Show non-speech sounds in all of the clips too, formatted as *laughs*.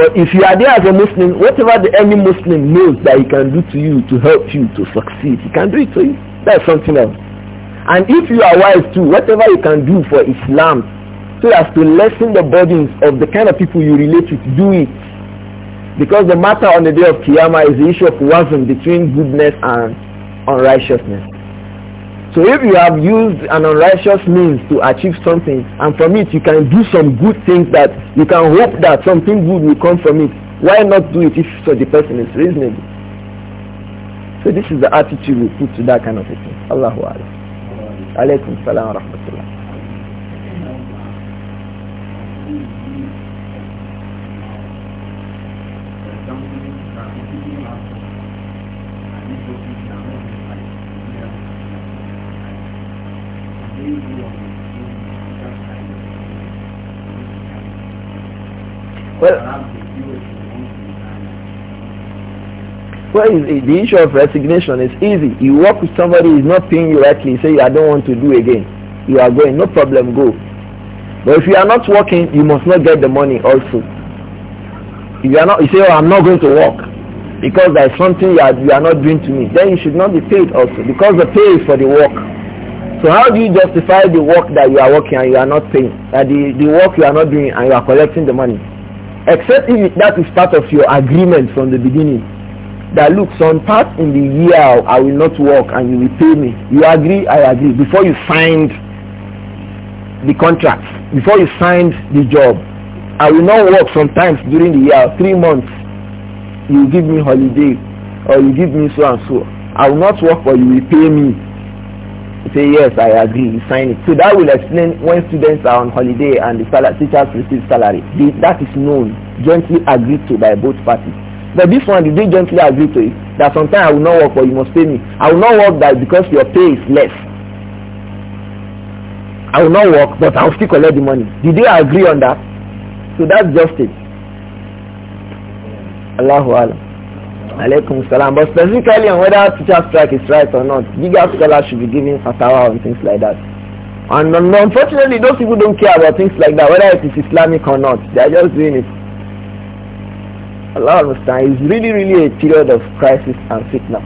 But if you are there as a Muslim, whatever the any Muslim knows that he can do to you to help you to succeed, he can do it to you. That's something else. And if you are wise too, whatever you can do for Islam so as to lessen the burdens of the kind of people you relate with, do it. Because the matter on the day of Qiyamah is the issue of wazn between goodness and unrighteousness. So if you have used an unrighteous means to achieve something and from it you can do some good things that you can hope that something good will come from it, why not do it if so the person is reasonable? So this is the attitude we put to that kind of a thing. Allahu Akbar. Alaykum salam wa rahmatullah. Well, well, the issue of resignation is easy. You work with somebody who is not paying you rightly, say, I don't want to do again. You are going, no problem, go. But if you are not working, you must not get the money also. If you are not, you say, oh, I'm not going to work because there is something you are, you are not doing to me. Then you should not be paid also because the pay is for the work. So how do you justify the work that you are working and you are not paying? That the, the work you are not doing and you are collecting the money? Except if that is part of your agreement from the beginning. That look, some part in the year I will not work and you will pay me. You agree, I agree. Before you signed the contract, before you signed the job, I will not work sometimes during the year, three months. You give me holiday or you give me so and so. I will not work but you will pay me say yes i agree sign it so that will explain when students are on holiday and the salary, teachers receive salary the, that is known jointly agreed to by both parties but this one did they jointly agree to it that sometimes i will not work but you must pay me i will not work that because your pay is less i will not work but i will still collect the money did they agree on that so that's just it allahu alam Alaikum salam. But specifically on whether teacher strike is right or not, bigger scholars should be giving fatwa on things like that. And unfortunately, those people don't care about things like that, whether it is Islamic or not. They are just doing it. Allah understand. It's really, really a period of crisis and fitna.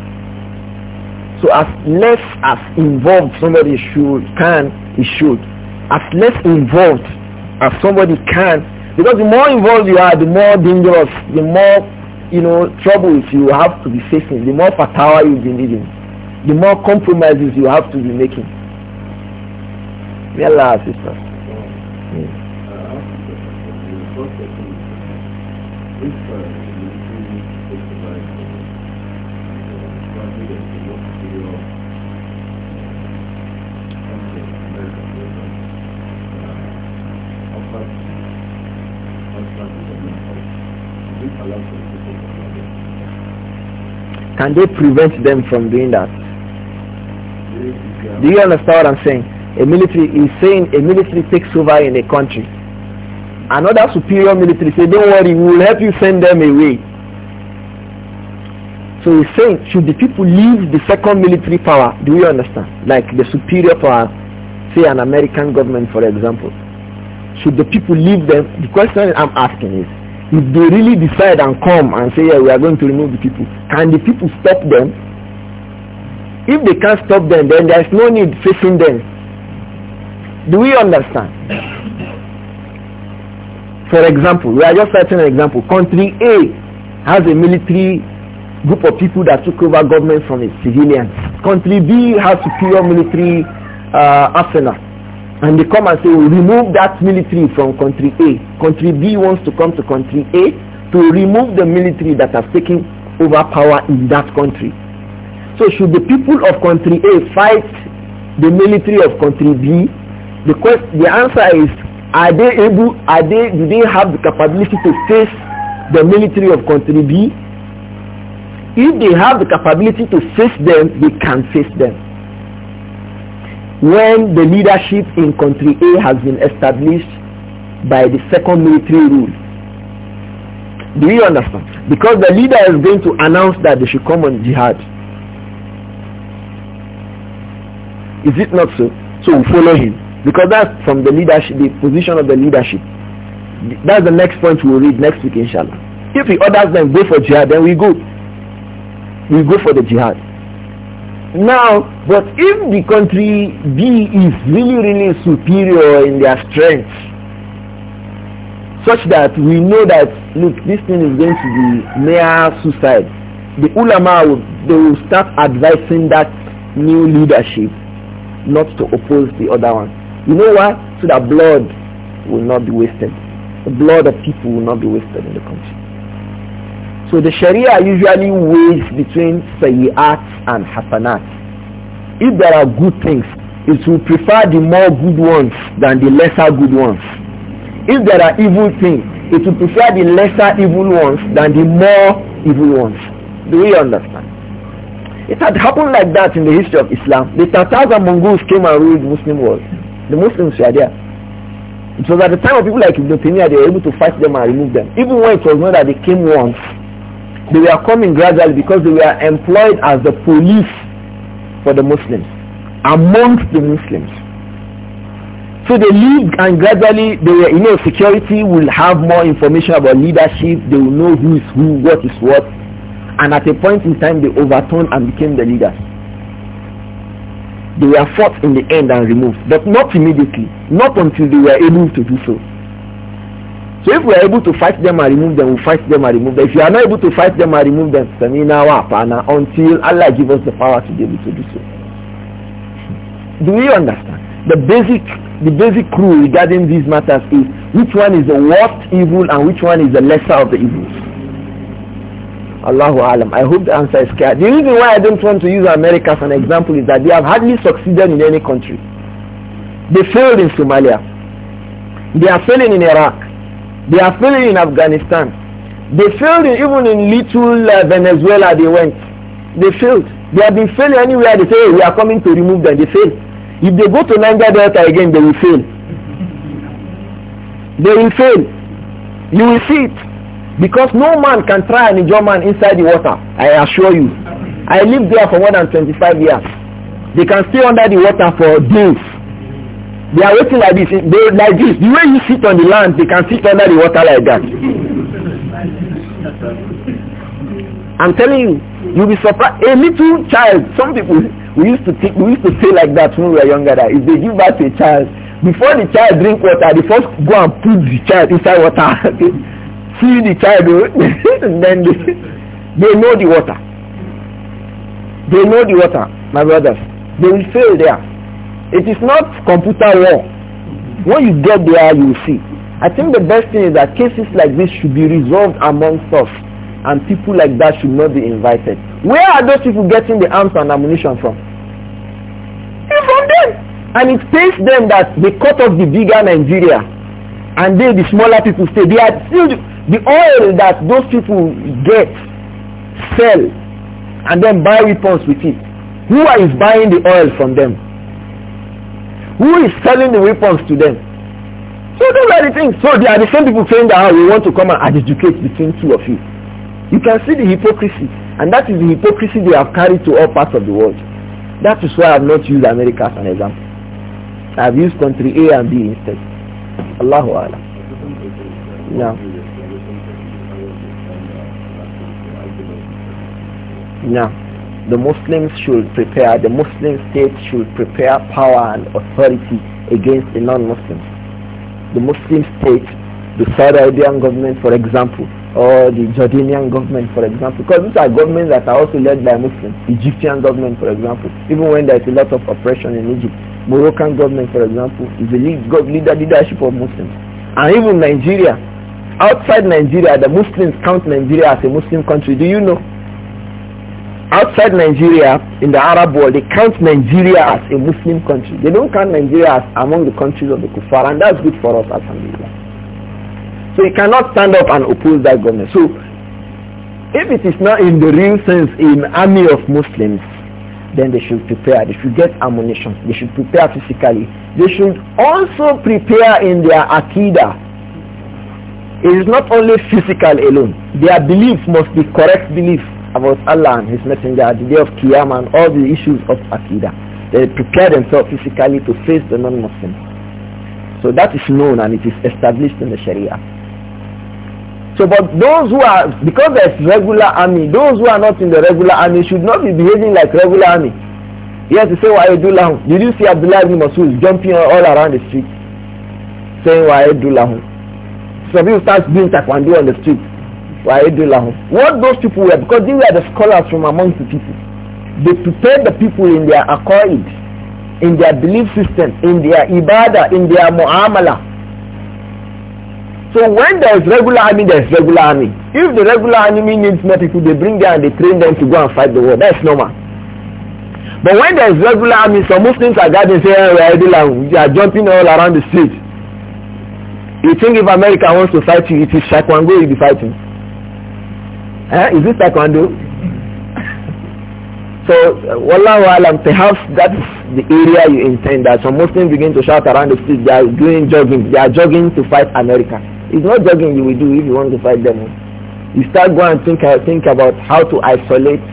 So as less as involved somebody should can, he should. As less involved as somebody can, because the more involved you are, the more dangerous, the more you know, troubles you have to be facing, the more fatawa you'll be needing, the more compromises you have to be making. May Allah assist us. Can they prevent them from doing that? Do you understand what I'm saying? A military is saying a military takes over in a country. Another superior military say, don't worry, we will help you send them away. So he's saying, should the people leave the second military power? Do you understand? Like the superior power, say an American government, for example. Should the people leave them? The question I'm asking is, if they really decide and come and say, yeah, we are going to remove the people, can the people stop them? If they can't stop them, then there is no need facing them. Do we understand? For example, we are just setting an example. Country A has a military group of people that took over government from a civilians. Country B has superior military uh, arsenal and they come and say, remove that military from country A. Country B wants to come to country A to remove the military that has taken over power in that country. So should the people of country A fight the military of country B? The, quest, the answer is, are they able, are they, do they have the capability to face the military of country B? If they have the capability to face them, they can face them when the leadership in country A has been established by the second military rule. Do you understand? Because the leader is going to announce that they should come on jihad. Is it not so? So we follow him. Because that's from the leadership, the position of the leadership. That's the next point we'll read next week, inshallah. If he orders them go for jihad, then we go. We go for the jihad. Now, but if the country B is really, really superior in their strength, such that we know that, look, this thing is going to be mere suicide, the ulama, will, they will start advising that new leadership not to oppose the other one. You know why? So that blood will not be wasted. The blood of people will not be wasted in the country. So the Sharia usually weighs between sayyat and hasanat. If there are good things, it will prefer the more good ones than the lesser good ones. If there are evil things, it will prefer the lesser evil ones than the more evil ones. Do we understand? It had happened like that in the history of Islam. The Tatars and Mongols came and ruled the Muslim world. The Muslims were there. It was at the time of people like Ibn Taymiyyah, they were able to fight them and remove them. Even when it was known that they came once, they were coming gradually because they were employed as the police for the Muslims, amongst the Muslims. So they lead and gradually, they were, you know, security will have more information about leadership. They will know who is who, what is what. And at a point in time, they overturned and became the leaders. They were fought in the end and removed, but not immediately, not until they were able to do so. So if we are able to fight them and remove them, we fight them and remove them. If you are not able to fight them and remove them, Samina wa Apana, until Allah give us the power to be able to do so. Do you understand? The basic, the basic rule regarding these matters is which one is the worst evil and which one is the lesser of the evils. Allahu Alam. I hope the answer is clear. The reason why I don't want to use America as an example is that they have hardly succeeded in any country. They failed in Somalia. They are failing in Iraq. They are failing in Afghanistan. They failed in, even in little uh, Venezuela they went. They failed. They have been failing anywhere. They say, hey, we are coming to remove them. They fail. If they go to Niger Delta again, they will fail. They will fail. You will see it. Because no man can try an injured man inside the water. I assure you. I lived there for more than 25 years. They can stay under the water for days they are waiting like this. They like this. The way you sit on the land, they can sit under the water like that. I'm telling you, you'll be surprised. A little child, some people, we used to think, we used to say like that when we were younger, that if they give birth to a child, before the child drink water, they first go and put the child inside water. *laughs* See the child, and *laughs* then they, they know the water. They know the water, my brothers. They will fail there. It is not computer war. When you get there, you will see. I think the best thing is that cases like this should be resolved amongst us and people like that should not be invited. Where are those people getting the arms and ammunition from? It's from them. And it pains them that they cut off the bigger Nigeria and they, the smaller people, stay. They are still the oil that those people get, sell, and then buy weapons with it. Who is buying the oil from them? Who is selling the weapons to them? So those are the things. So they are the same people saying that ah, we want to come and adjudicate between two of you. You can see the hypocrisy. And that is the hypocrisy they have carried to all parts of the world. That is why I have not used America as an example. I have used country A and B instead. Allahu Akbar. Now. Now the Muslims should prepare, the Muslim state should prepare power and authority against the non-Muslims. The Muslim state, the Saudi Arabian government for example, or the Jordanian government for example, because these are governments that are also led by Muslims, Egyptian government for example, even when there is a lot of oppression in Egypt, Moroccan government for example, is the leader leadership of Muslims. And even Nigeria, outside Nigeria, the Muslims count Nigeria as a Muslim country. Do you know? outside Nigeria, in the Arab world, they count Nigeria as a Muslim country. They don't count Nigeria as among the countries of the Kufar, and that's good for us as Muslims. So you cannot stand up and oppose that government. So if it is not in the real sense an army of Muslims, then they should prepare. They should get ammunition. They should prepare physically. They should also prepare in their akida. It is not only physical alone. Their belief must be correct belief about Allah and His Messenger at the day of Qiyamah and all the issues of Aqidah. They prepare themselves physically to face the non-Muslims. So that is known and it is established in the Sharia. So but those who are, because there's regular army, those who are not in the regular army should not be behaving like regular army. Yes, they say, Wa'idullahu. Did you see Abdullah ibn Masud jumping all around the street? Saying, Wa'idullahu. Some people start doing taekwondo on the street. What those people were, because they were the scholars from amongst the people. They prepared the people in their accord, in their belief system, in their ibadah, in their mu'amala. So when there is regular army, there is regular army. If the regular army needs more people, they bring them and they train them to go and fight the war. That's normal. But when there is regular army, some Muslims are gathering saying, hey, we are idle we are jumping all around the street. You think if America wants to fight you, it is Shakwango you'll be fighting. Eh? Is this taekwondo? so, uh, while alam, perhaps that's the area you intend that some Muslims begin to shout around the street, they are doing jogging, they are jogging to fight America. It's not jogging you will do if you want to fight them. You start going and think, uh, think about how to isolate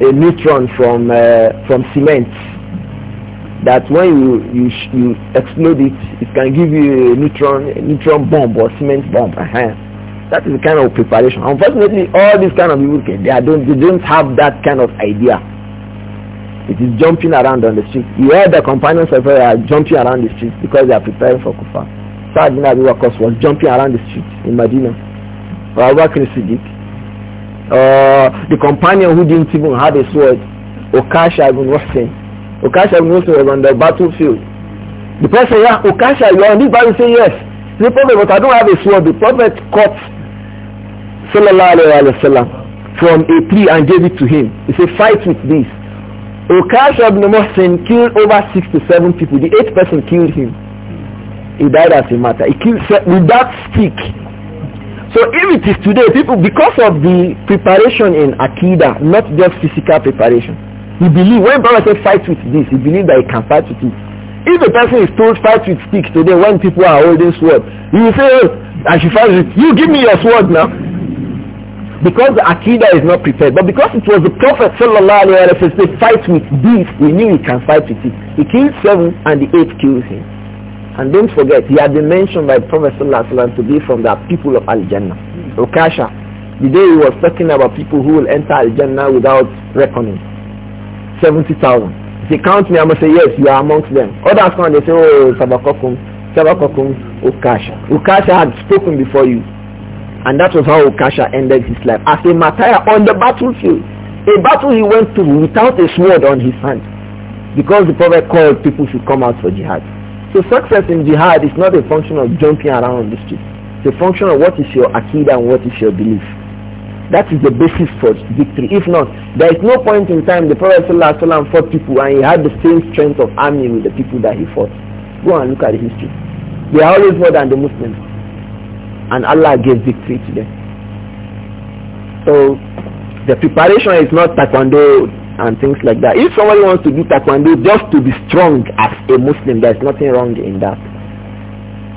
a neutron from, uh, from cement. That when you, you, you explode it, it can give you a neutron, a neutron bomb or cement bomb. Uh -huh that is the kind of preparation. Unfortunately, all these kind of people, they, don't, they don't have that kind of idea. It is jumping around on the street. You heard the companions of are jumping around the street because they are preparing for Kufa. Sa'd bin was jumping around the street in Medina. Or Abu Bakr Siddiq. Uh, the companion who didn't even have a sword, Okasha ibn Wahsin. Okasha ibn Wahsin was on the battlefield. The person, yeah, Okasha, you are on this battle, say yes. The prophet, but I don't have a sword. The prophet cut sallallahu alayhi wa sallam from a tree and gave it to him. He said, fight with this. Okash ibn Muhsin killed over six to seven people. The eighth person killed him. He died as a martyr. He killed with that stick. So if it is today, people, because of the preparation in Akida, not just physical preparation, he believe when Brahma said fight with this, he believed that he can fight with it. If a person is told fight with stick today when people are holding sword, he will say, oh, I should fight with, you give me your sword now. Because the Aqidah is not prepared. But because it was the Prophet sallallahu alaihi wasallam said, fight with this, we knew he can fight with it. He killed seven and the eight killed him. And don't forget, he had been mentioned by the Prophet sallallahu alaihi wasallam to be from the people of Al-Jannah. Ukasha, the day he was talking about people who will enter Al-Jannah without reckoning. 70,000. If They count me, I must say, yes, you are amongst them. Others come and they say, oh, Sabakokum, Sabakokum, Ukasha. Ukasha had spoken before you. And that was how Kasha ended his life, as a martyr on the battlefield. A battle he went to without a sword on his hand. Because the Prophet called people should come out for jihad. So success in jihad is not a function of jumping around on the street. It's a function of what is your akida and what is your belief. That is the basis for victory. If not, there is no point in time the Prophet ﷺ fought people and he had the same strength of army with the people that he fought. Go and look at the history. They are always more than the Muslims and Allah gave victory to them. So the preparation is not taekwondo and things like that. If somebody wants to do taekwondo just to be strong as a Muslim, there's nothing wrong in that.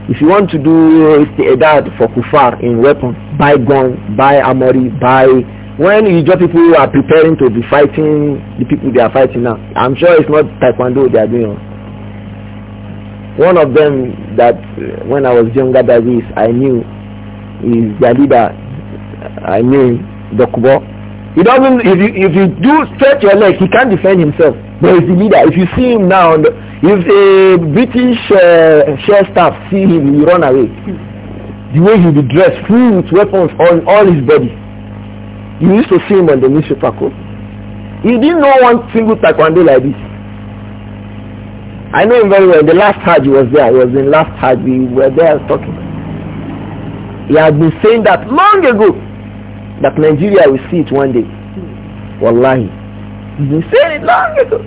If you want to do isti'adad for kufar in weapons, buy gun, buy armory, buy... When you people who are preparing to be fighting the people they are fighting now, I'm sure it's not taekwondo they are doing. One of them that uh, when I was younger that is, I knew is their leader, I mean, Dokubo. He doesn't, if you, if you do stretch your leg, he can't defend himself. But he's the leader. If you see him now, if a British uh, share staff see him, he run away. The way he be dressed, full with weapons on all his body. You used to see him on the newspaper coat. He didn't know one single taekwondo like this. I know him very well. The last Hajj was there. He was in last Hajj. We were there talking. He has been saying that long ago that Nigeria will see it one day. Wallahi. He's been saying it long ago.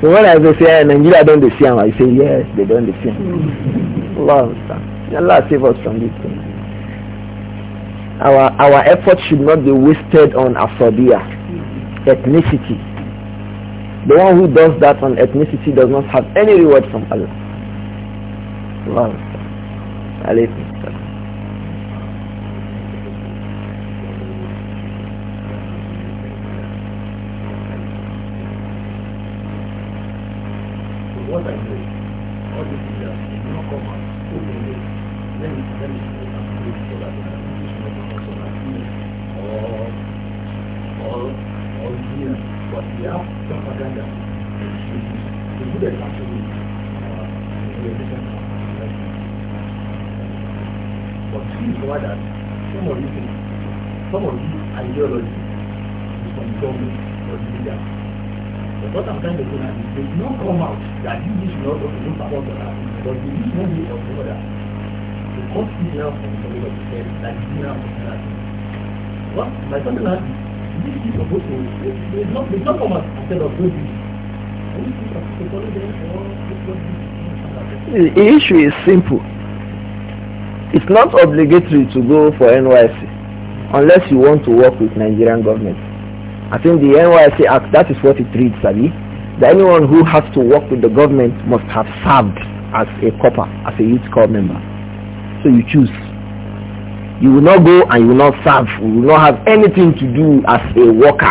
So when I go say, Nigeria don't see him, I say, yes, they don't see him. *laughs* Allah, Allah save us from this thing. Our, our effort should not be wasted on aphobia, ethnicity. The one who does that on ethnicity does not have any reward from Allah. Allah. عليكم The issue is simple. It's not obligatory to go for NYC unless you want to work with Nigerian government. I think the NYC Act, that is what it reads, Sabi. That anyone who has to work with the government must have served as a copper, as a youth corps member. So you choose. You will not go and you will not serve. You will not have anything to do as a worker.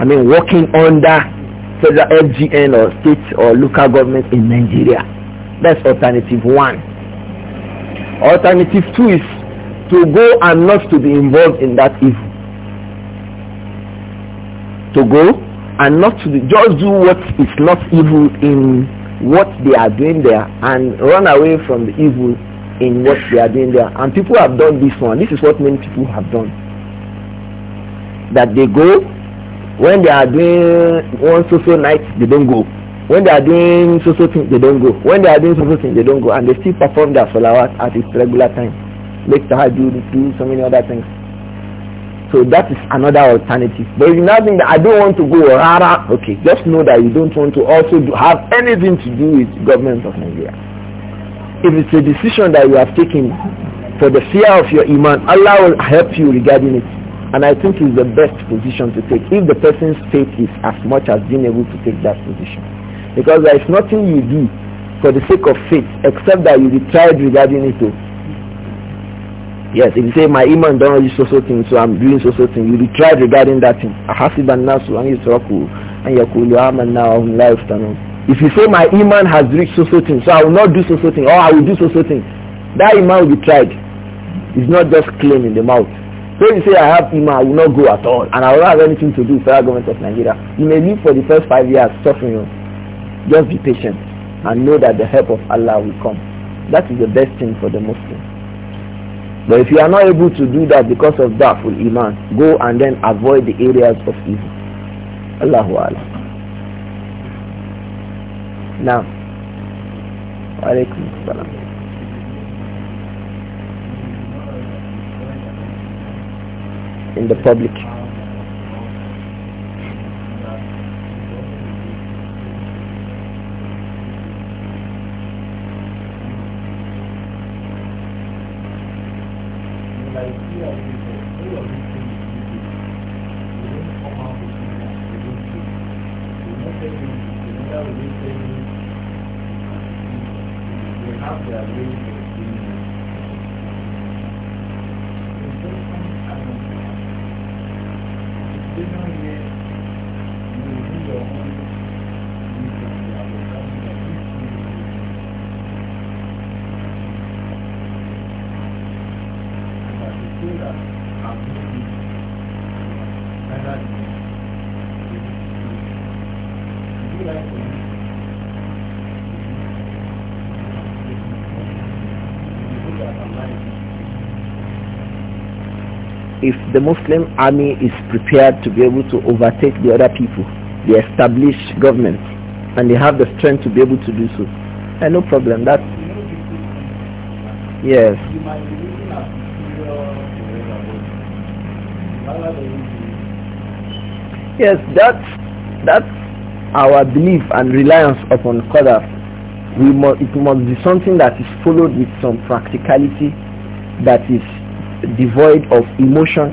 I mean, working under federal FGN or state or local government in Nigeria. That's alternative one. Alternative two is to go and not to be involved in that evil. To go and not to be, just do what is not evil in what they are doing there and run away from the evil in what they are doing there. And people have done this one. This is what many people have done. That they go, when they are doing one social night, they don't go. When they are doing so so things, they don't go. When they are doing so so things, they don't go. And they still perform their salawat at its regular time. Make tahajjud, do so many other things. So that is another alternative. But if you now think that I don't want to go, rara, okay, just know that you don't want to also do, have anything to do with government of Nigeria. If it's a decision that you have taken for the fear of your iman, Allah will help you regarding it. And I think it's the best position to take if the person's faith is as much as being able to take that position. Because there is nothing you do for the sake of faith except that you be tried regarding it. Too. Oh. Yes, if you say my iman don't so so thing, so I'm doing so so thing, you be tried regarding that thing. Ahasiban nasu an yusraku an yakulu amanna If you say my iman has reached so so thing, so I will not do so so thing, or I will do so so thing, that iman will be tried. It's not just claim in the mouth. So you say I have iman, I will not go at all, and I will not have anything to do with the government of Nigeria. You may live for the first five years suffering. Oh. Just be patient and know that the help of Allah will come. That is the best thing for the Muslim. But if you are not able to do that because of doubtful iman, go and then avoid the areas of evil. Allahu Allah. Now, alaykum salam. In the public. now we think we have the arrangement if the Muslim army is prepared to be able to overtake the other people, the established government, and they have the strength to be able to do so, eh, no problem. That yes. Yes, that's that's our belief and reliance upon Qadar. We must, it must be something that is followed with some practicality that is devoid of emotion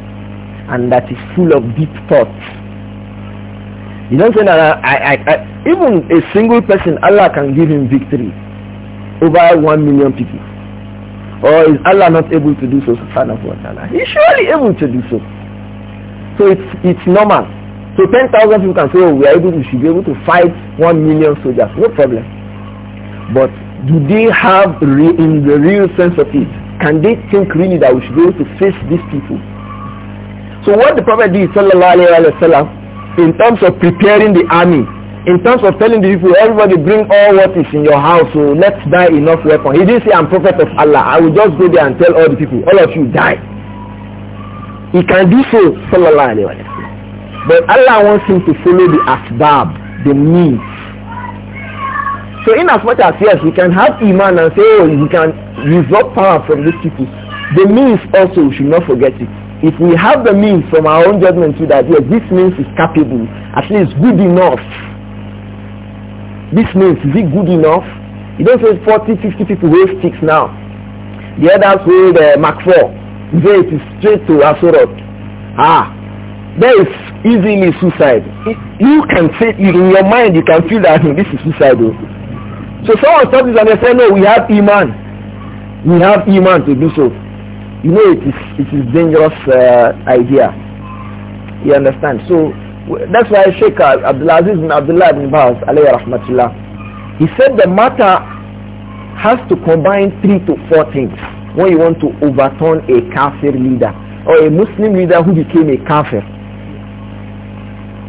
and that is full of deep thoughts. You don't say that I, I, I, even a single person, Allah can give him victory over one million people. Or is Allah not able to do so, subhanahu wa ta'ala? He's surely able to do so. So it's, it's normal. So 10,000 people can say, oh, we are able to, should be able to fight 1 million soldiers. No problem. But do they have, in the real sense of it, can they think really that we should go to face these people? So what the Prophet did, sallallahu alayhi wa sallam, in terms of preparing the army, in terms of telling the people, everybody bring all what is in your house, so let's buy enough weapon. He didn't say, I'm prophet of Allah. I will just go there and tell all the people, all of you die. He can do so, sallallahu alayhi wa sallam. But Allah wants him to follow the asbab, the means. So in as much as yes, we can have iman and say, oh, we can resolve power from these people. The means also, we should not forget it. If we have the means from our own judgment to that, yes, this means is capable, at least good enough. This means, is it good enough? You don't say 40, 50 people wave sticks now. The others wave uh, Mark 4. They it is straight to Asorot. Ah, that is easily suicide. You can say, in your mind, you can feel that hmm, this is suicide. Oh. So someone stops this and they say, no, we have Iman. We have Iman to do so. You know, it is, it is dangerous uh, idea. You understand? So that's why Sheikh Abdulaziz bin Abdullah bin Baz, alayhi rahmatullah, he said the matter has to combine three to four things when you want to overturn a kafir leader or a Muslim leader who became a kafir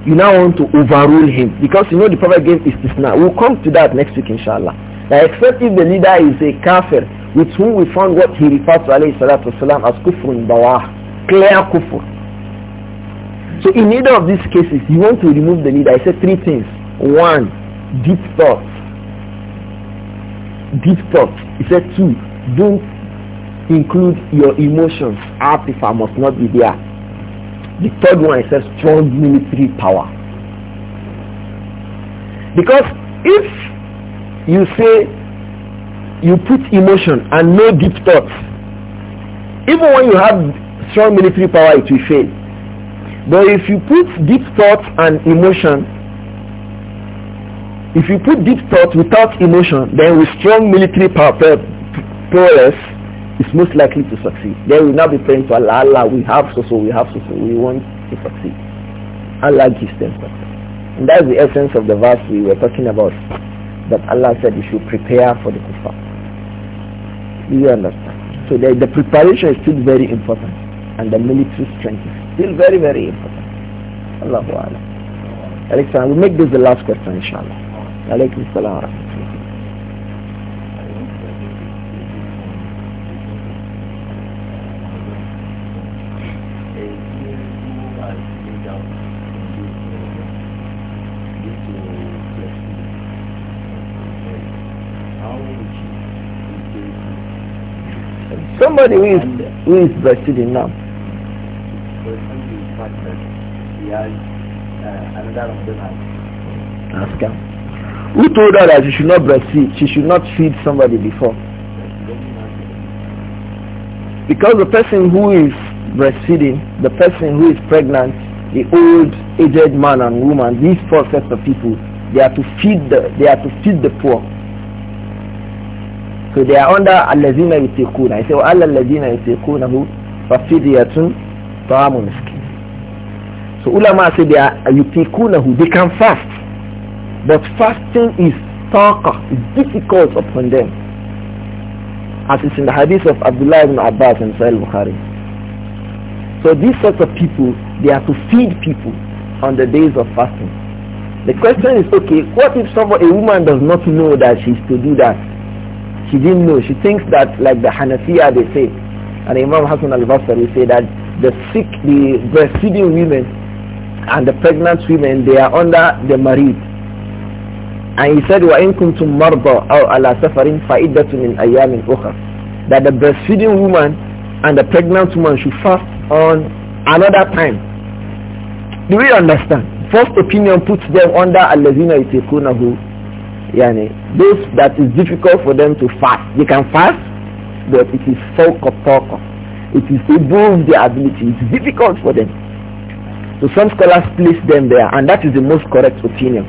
you now want to overrule him because you know the prophet gave tisna. We'll come to that next week inshallah. Now except if the leader is a kafir with whom we found what he referred to alayhi salatu wasalam as in bawah, clear kufr. So in either of these cases, you want to remove the leader. I said three things. One, deep thought. Deep thought. He said two, don't include your emotions. Artifact must not be there. The third one is a strong military power. Because if you say you put emotion and no deep thoughts, even when you have strong military power, it will fail. But if you put deep thought and emotion, if you put deep thought without emotion, then with strong military power, prowess, is most likely to succeed. Then we now be praying to Allah, Allah, we have so so, we have so so, we want to succeed. Allah gives them success. And that is the essence of the verse we were talking about, that Allah said you should prepare for the kuffar. Do you understand? So the, the preparation is still very important, and the military strength is still very, very important. Allahu Allah. Alexander, we make this the last question, inshallah. Alaykum salam. Somebody who is, who is breastfeeding now. Ask her. Who told her that she should not breastfeed? She should not feed somebody before. Because the person who is breastfeeding, the person who is pregnant, the old aged man and woman, these four sets of people, they are to feed the, they are to feed the poor. So they are under allazina yutikuna. I say, well, allazina yutikunahu fafidiyatun ta'amu miskin. So ulama say they are yutikunahu. They can fast. But fasting is taqa. difficult upon them. As it's in the hadith of Abdullah ibn Abbas and Sahih Bukhari. So these sorts of people, they are to feed people on the days of fasting. The question is, okay, what if someone, a woman does not know that she's to do that? She didn't know. She thinks that like the Hanafiya they say, and Imam Hassan al-Basri say that the sick, the breastfeeding women and the pregnant women, they are under the marid. And he said, وَإِن كُنْتُمْ مَرْضَى أَوْ عَلَى سَفَرٍ فَإِدَّةٌ مِنْ أَيَّامٍ أُخَرٍ That the breastfeeding woman and the pregnant woman should fast on another time. Do we understand? First opinion puts them under الَّذِينَ who yani, those that is difficult for them to fast. They can fast, but it is so kotok. It is above their ability. It's difficult for them. So some scholars place them there, and that is the most correct opinion.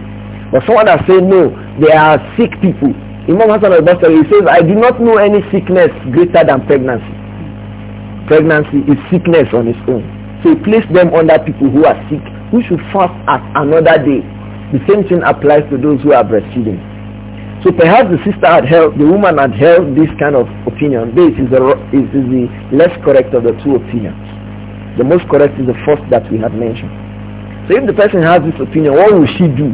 But someone that say no, they are sick people. Imam Hassan al-Basri says, I do not know any sickness greater than pregnancy. Pregnancy is sickness on its own. So he them under people who are sick, who should fast at another day. The same thing applies to those who are breastfeeding. So perhaps the sister had held, the woman had held this kind of opinion. This is the, is, is the less correct of the two opinions. The most correct is the first that we have mentioned. So if the person has this opinion, what will she do?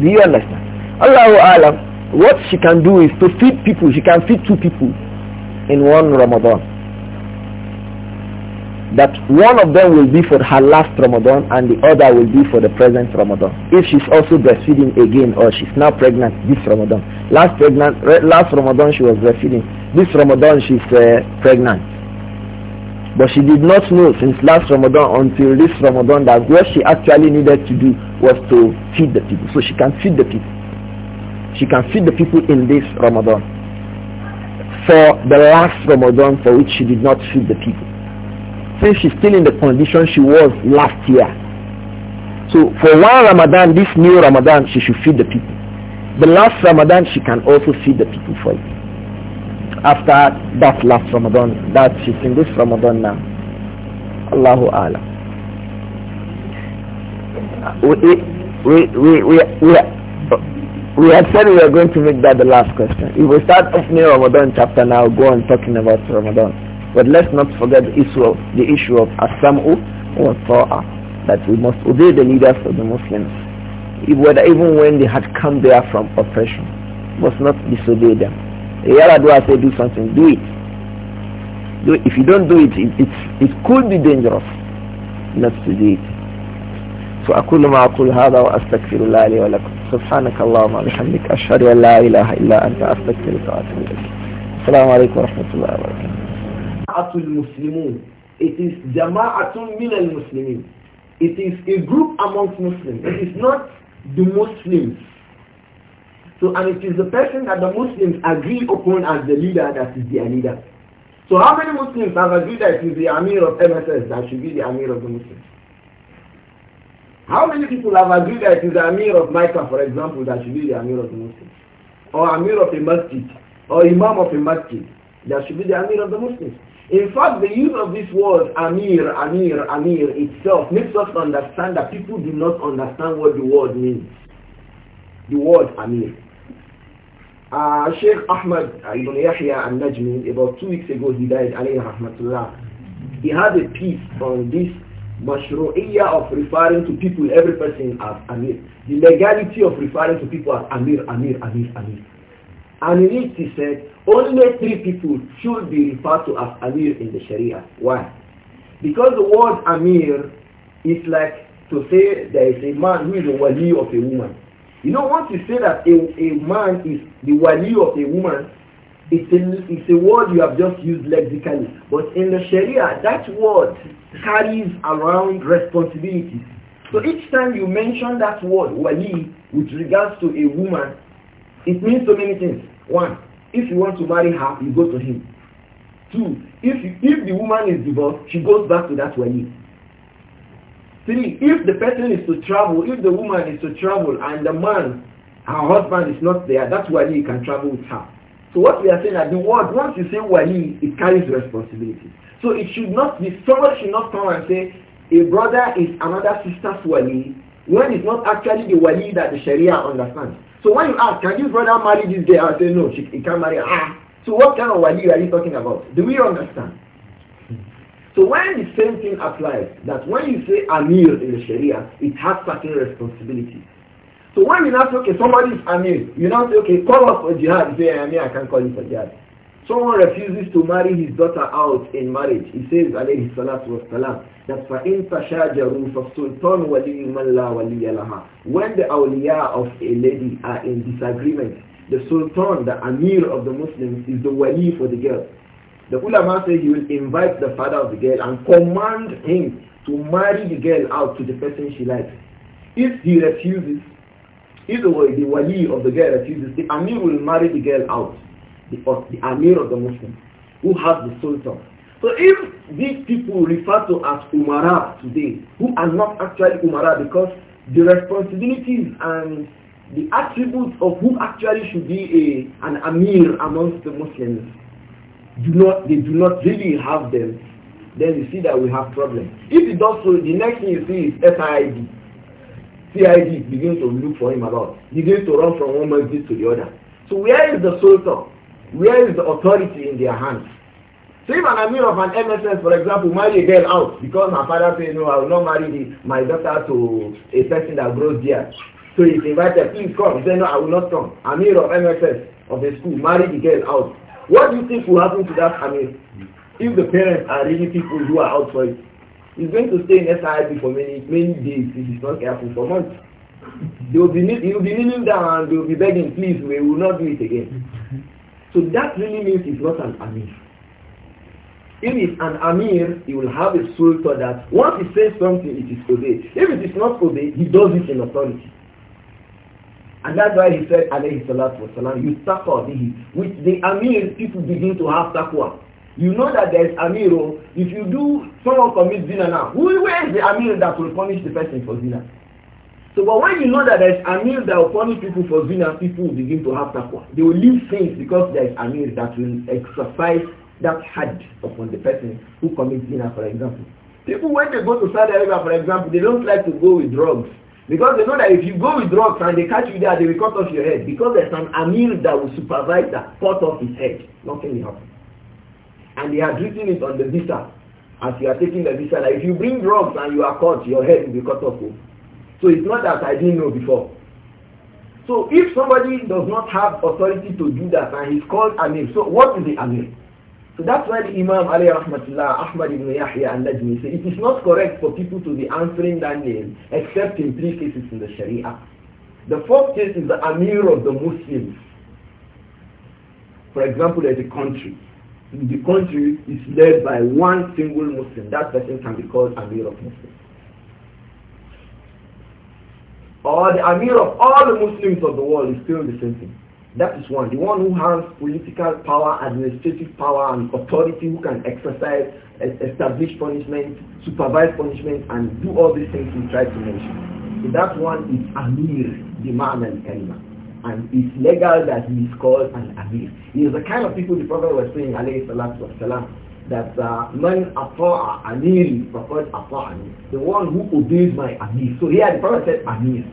Do you understand? Allahu Alam, what she can do is to feed people. She can feed two people in one Ramadan that one of them will be for her last Ramadan and the other will be for the present Ramadan. If she's also breastfeeding again or she's now pregnant this Ramadan. Last pregnant, last Ramadan she was breastfeeding. This Ramadan she's uh, pregnant. But she did not know since last Ramadan until this Ramadan that what she actually needed to do was to feed the people. So she can feed the people. She can feed the people in this Ramadan. For the last Ramadan for which she did not feed the people since she's still in the condition she was last year. So for one Ramadan, this new Ramadan, she should feed the people. The last Ramadan, she can also feed the people for it. After that last Ramadan, that she's in this Ramadan now. Allahu Ala. We, we, we, we, we, we had said we were going to make that the last question. If we start off Ramadan chapter now, go on talking about Ramadan. But let's not forget the issue of, the issue of asamu or ta'a, that we must obey the leaders of the Muslims, whether even when they had come there from oppression, must not disobey them. Yara do I say do something, do it. Do, if you don't do it, it, it, it could be dangerous not to do it. فأقول ما أقول هذا وأستغفر الله لي ولكم سبحانك اللهم وبحمدك أشهد أن لا إله إلا أنت أستغفرك وأتوب إليك السلام عليكم ورحمة الله وبركاته Jama'atul Muslimun. It is Jama'atul Minal Muslimin. It is a group amongst Muslims. It is not the Muslims. So, and it is the person that the Muslims agree upon as the leader that is their leader. So how many Muslims have agreed that it is the Amir of MSS that should be the Amir of the Muslims? How many people have agreed that it is the Amir of Micah, for example, that should be the Amir of the Muslims? Or Amir of a Masjid, or Imam of a Masjid, that should be the Amir of the Muslims? In fact, the use of this word Amir, Amir, Amir itself makes us understand that people do not understand what the word means. The word Amir. Uh, Sheikh Ahmad uh, ibn Yahya al-Najmi, about two weeks ago he died, alayhi rahmatullah. He had a piece on this mashru'iyya of referring to people, every person as Amir. The legality of referring to people as Amir, Amir, Amir, Amir. And in he said, only three people should be referred to as Amir in the Sharia. Why? Because the word Amir is like to say there is a man who is the wali of a woman. You know, once you say that a, a man is the wali of a woman, it's a, it's a word you have just used lexically. But in the Sharia, that word carries around responsibilities. So each time you mention that word, wali, with regards to a woman, it means so many things. One, if you want to marry her, you go to him. Two, if, you, if the woman is divorced, she goes back to that wali. Three, if the person is to travel, if the woman is to travel and the man, her husband is not there, that's wali can travel with her. So what we are saying that the word, once you say wali, it carries responsibility. So it should not be, someone should not come and say, a brother is another sister's wali, when it's not actually the wali that the sharia understands. So when you ask, can you brother marry this girl? I say, no, she, he can't marry Ah. So what kind of wali are you talking about? Do we understand? So when the same thing applies, that when you say Amir in the Sharia, it has certain responsibilities. So when you now say, okay, somebody is Amir, you now say, okay, call us for jihad. You say, Amir, I can't call you for jihad. Someone refuses to marry his daughter out in marriage. He says, alayhi salatu wasalam, that فَإِن تَشَاجَرُوا فَالسُّلْطَانُ وَلِيُّ مَنْ لَا وَلِيَّ لَهَا When the awliya of a lady are in disagreement, the sultan, the amir of the Muslims, is the wali for the girl. The ulama say he will invite the father of the girl and command him to marry the girl out to the person she likes. If he refuses, way, the wali of the girl refuses, the amir will marry the girl out because the Amir of the Muslims, who has the Sultan. So if these people refer to as Umara today, who are not actually Umara because the responsibilities and the attributes of who actually should be a, an Amir amongst the Muslims, do not, they do not really have them, then you see that we have problems. If it does so, the next thing you see is FID. CID begins to look for him He begins to run from one masjid to the other. So where is the sultan? where is the authority in their hands? So if an amir of an MSS, for example, marry a girl out because my father said, no, I will not marry the, my daughter to a person that grows there. So he's invited, please come. He said, no, I will not come. Amir of MSS of the school, marry the girl out. What do you think will happen to that amir? If the parents are really people who are out for it, he's going to stay in SIB for many, many days if he's not careful for months. They will be, he will be kneeling down and they will be begging, please, we will not do it again. So that really means he's not an Amir. If he's an Amir, he will have a soul sultan that once he says something, it is obeyed. If it is not obeyed, he does it in authority. And that's why he said, alayhi salatu wasalam, you taqwa bihi. With the Amir, people begin to have taqwa. You know that there's is Amir, oh, if you do, someone commits zina now, who, where is the Amir that will punish the person for zina? So, but when you know that there is Amir that will punish people for zina, people will begin to have taqwa. They will leave things because there is Amir that will exercise that had upon the person who commits zina, for example. People, when they go to Saudi Arabia, for example, they don't like to go with drugs. Because they know that if you go with drugs and they catch you there, they will cut off your head. Because there's an Amir that will supervise that, cut off his head. Nothing will happen. And they are written it on the visa. As you are taking the visa, that like if you bring drugs and you are caught, your head will be cut off. So it's not that I didn't know before. So if somebody does not have authority to do that and he's called Amir, so what is the Amir? So that's why the Imam Ali Rahmatullah Ahmad ibn Yahya and Najmi say it is not correct for people to be answering that name except in three cases in the Sharia. The fourth case is the Amir of the Muslims. For example, there's a country. The country is led by one single Muslim. That person can be called Amir of Muslims or the Amir of all the Muslims of the world is still the same thing. That is one. The one who has political power, administrative power, and authority who can exercise, establish punishment, supervise punishment, and do all these things we tried to mention. So that one is Amir, the man and Kalima. And it's legal that he is called an Amir. He is the kind of people the Prophet was saying, alayhi salatu salam, that uh, man ata'a amiri faqad ata'ani. The one who obeys my amir. So here the Prophet said amir.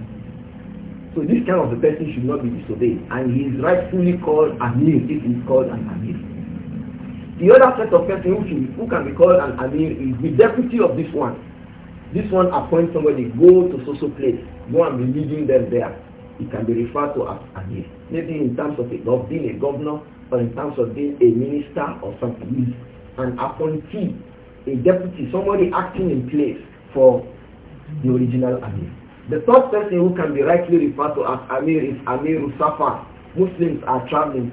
So this kind of a person should not be disobeyed. And he is rightfully called amir if he is called an amir. The other set of person who, should, who can be called an amir is the deputy of this one. This one appoints somebody, go to social place, go and be leading them there. It can be referred to as amir. Maybe in terms of, a, of being a governor or in terms of being a minister or something an appointee, a deputy, somebody acting in place for the original Amir. The third person who can be rightly referred to as Amir is Amir Safar. Muslims are traveling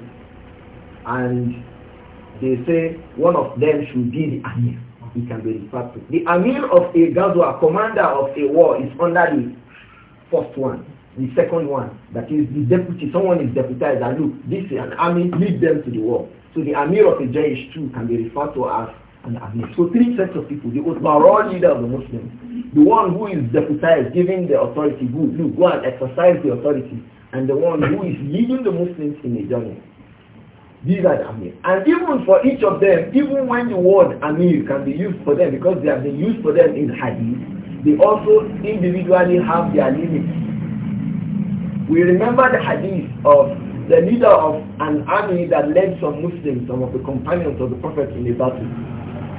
and they say one of them should be the Amir. He can be referred to. The Amir of a Gazwa, commander of a war, is under the first one. The second one, that is the deputy, someone is deputized and look, this is an army, lead them to the war. So the Amir of the Jaish too can be referred to as an Amir. So three sets of people, the overall leader of the Muslims, the one who is deputized, giving the authority, who look, go and exercise the authority, and the one who is leading the Muslims in a journey. These are the Amir. And even for each of them, even when the word Amir can be used for them, because they have been used for them in Hadith, they also individually have their limits. We remember the Hadith of the leader of an army that led some Muslims, some of the companions of the Prophet in the battle.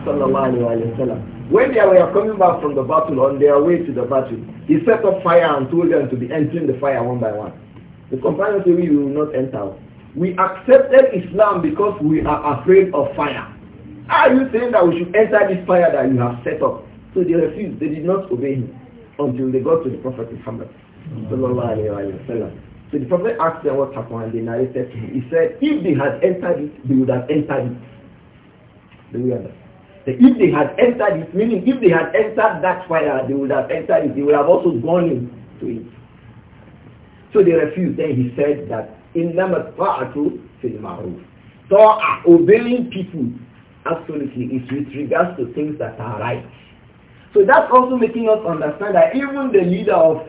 When they were coming back from the battle, on their way to the battle, he set up fire and told them to be entering the fire one by one. The companions said, we will not enter. We accepted Islam because we are afraid of fire. Are you saying that we should enter this fire that you have set up? So they refused. They did not obey him until they got to the Prophet Muhammad. So the Prophet asked them what happened and they narrated to him. He said, if they had entered it, they would have entered it. Do you understand? If they had entered it, meaning if they had entered that fire, they would have entered it. They would have also gone into it. So they refused. Then he said that, in الطَّاعَةُ فِي الْمَعْرُوفِ obeying people, absolutely, is with regards to things that are right. So that's also making us understand that even the leader of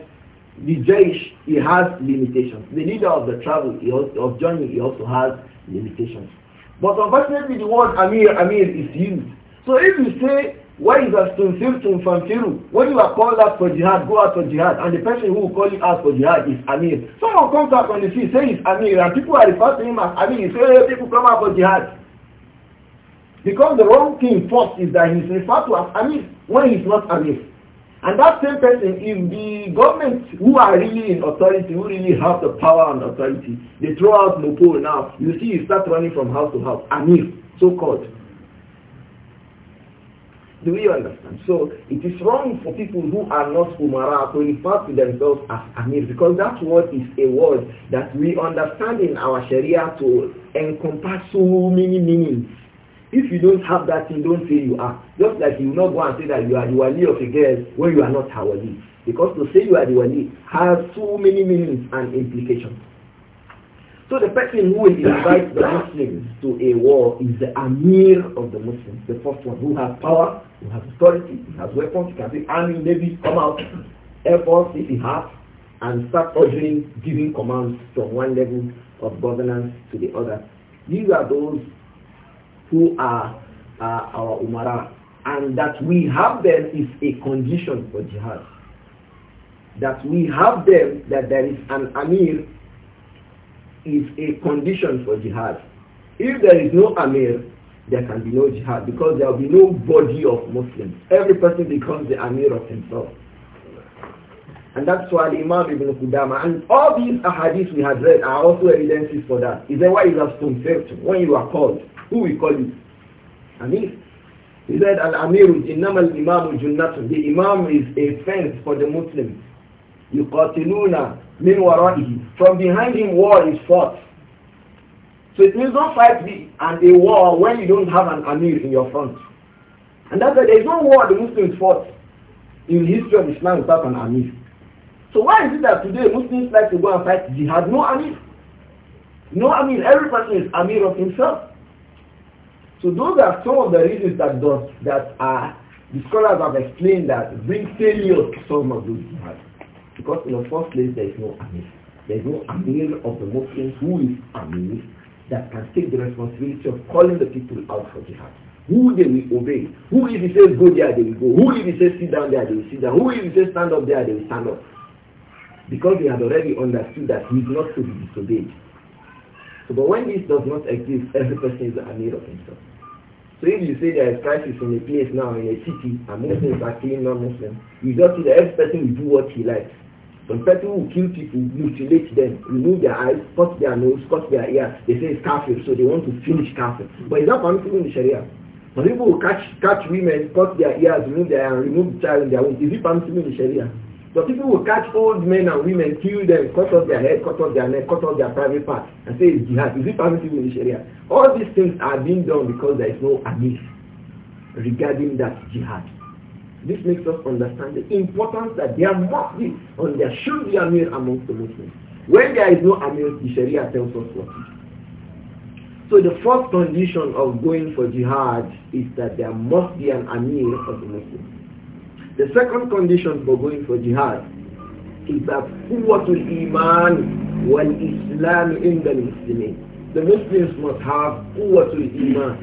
The Jaish, he has limitations. The leader of the travel, also, of journey, he also has limitations. But unfortunately, the word Amir, Amir is used. So if you say, why is Astunsirtum Fantiru? When you are called out for jihad, go out for jihad. And the person who call you out for jihad is Amir. Someone comes out on the sea, says it's Amir, and people are referring to him as Amir. You say, hey, people come out for jihad. Because the wrong thing first is that he's referred to as Amir when he's not Amir. And that same person, if the government who are really in authority, who really have the power and authority, they throw out Mopol now, you see you start running from house to house, Amir, so-called. Do you understand? So it is wrong for people who are not Umara to refer to themselves as Amir because that word is a word that we understand in our Sharia to encompass so many meanings if you don't have that thing don't say you are just like you not go and say that you are the wali of a girl when you are not her wali because to say you are the wali has so many meanings and implications so the person who will invite the muslims to a war is the amir of the muslims the first one who has power who has authority who has weapons he can say army navy come out air force if he has and start ordering giving commands from one level of governance to the other these are those who are uh, our umara. And that we have them is a condition for jihad. That we have them, that there is an amir, is a condition for jihad. If there is no amir, there can be no jihad because there will be no body of Muslims. Every person becomes the amir of himself. And that's why Imam Ibn Qudama and all these ahadith we have read are also evidences for that. Is that why you have stone when you are called? Who we call you? Amir. He said, Al-Amiru al imamu junnatun. The imam is a fence for the Muslims. Yuqatiluna min waraihi. From behind him, war is fought. So it means not fight and a war when you don't have an Amir in your front. And that's why there is no war the Muslims fought in history of Islam without an Amir. So why is it that today Muslims like to go and fight jihad? No Amir. No Amir. Every person is Amir of himself. So those are some of the reasons that does, that are the scholars have explained that bring failure to some of those jihad. Because in the first place there is no amir. There is no amir of the Muslims who is amir that can take the responsibility of calling the people out for jihad. Who they will obey. Who if he says go there they will go. Who if he says sit down there they will sit down. Who if he says stand up there they will stand up. Because they had already understood that he is not to be disobeyed. So, but when this does not exist, every person is the amir of himself. So if you say there is crisis in a place now, in a city, and Muslims are killing non-Muslims, you just see that every person will do what he likes. Some people will kill people, mutilate them, remove their eyes, cut their nose, cut their ears. They say it's kafir, so they want to finish kafir. But it's not permissible in the Sharia. Some people will catch, catch women, cut their ears, remove their and remove the child in their womb. Is it permissible in the Sharia? So people will catch old men and women, kill them, cut off their head, cut off their neck, cut off their private part, and say it's jihad. Is it permissible in Sharia? All these things are being done because there is no amir regarding that jihad. This makes us understand the importance that there must be, and there should be amir amongst the Muslims. When there is no amir, the Sharia tells us what. So the first condition of going for jihad is that there must be an amir of the Muslims. The second condition for going for jihad is that quwwatul iman wal islam in the muslimin. The Muslims must have quwwatul iman.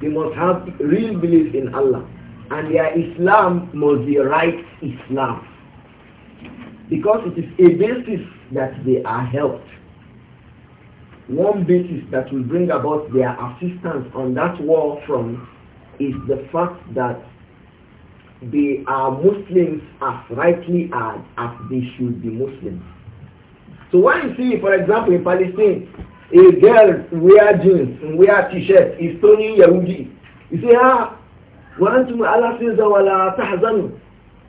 They must have real belief in Allah. And their Islam must be right Islam. Because it is a basis that they are helped. One basis that will bring about their assistance on that war front is the fact that they are uh, Muslims as rightly as, as they should be Muslims. So when you see, for example, in Palestine, a girl wear jeans and wear t-shirt is stoning Yahudi. You say, ah, وأنتم على فيزا ولا تحزنوا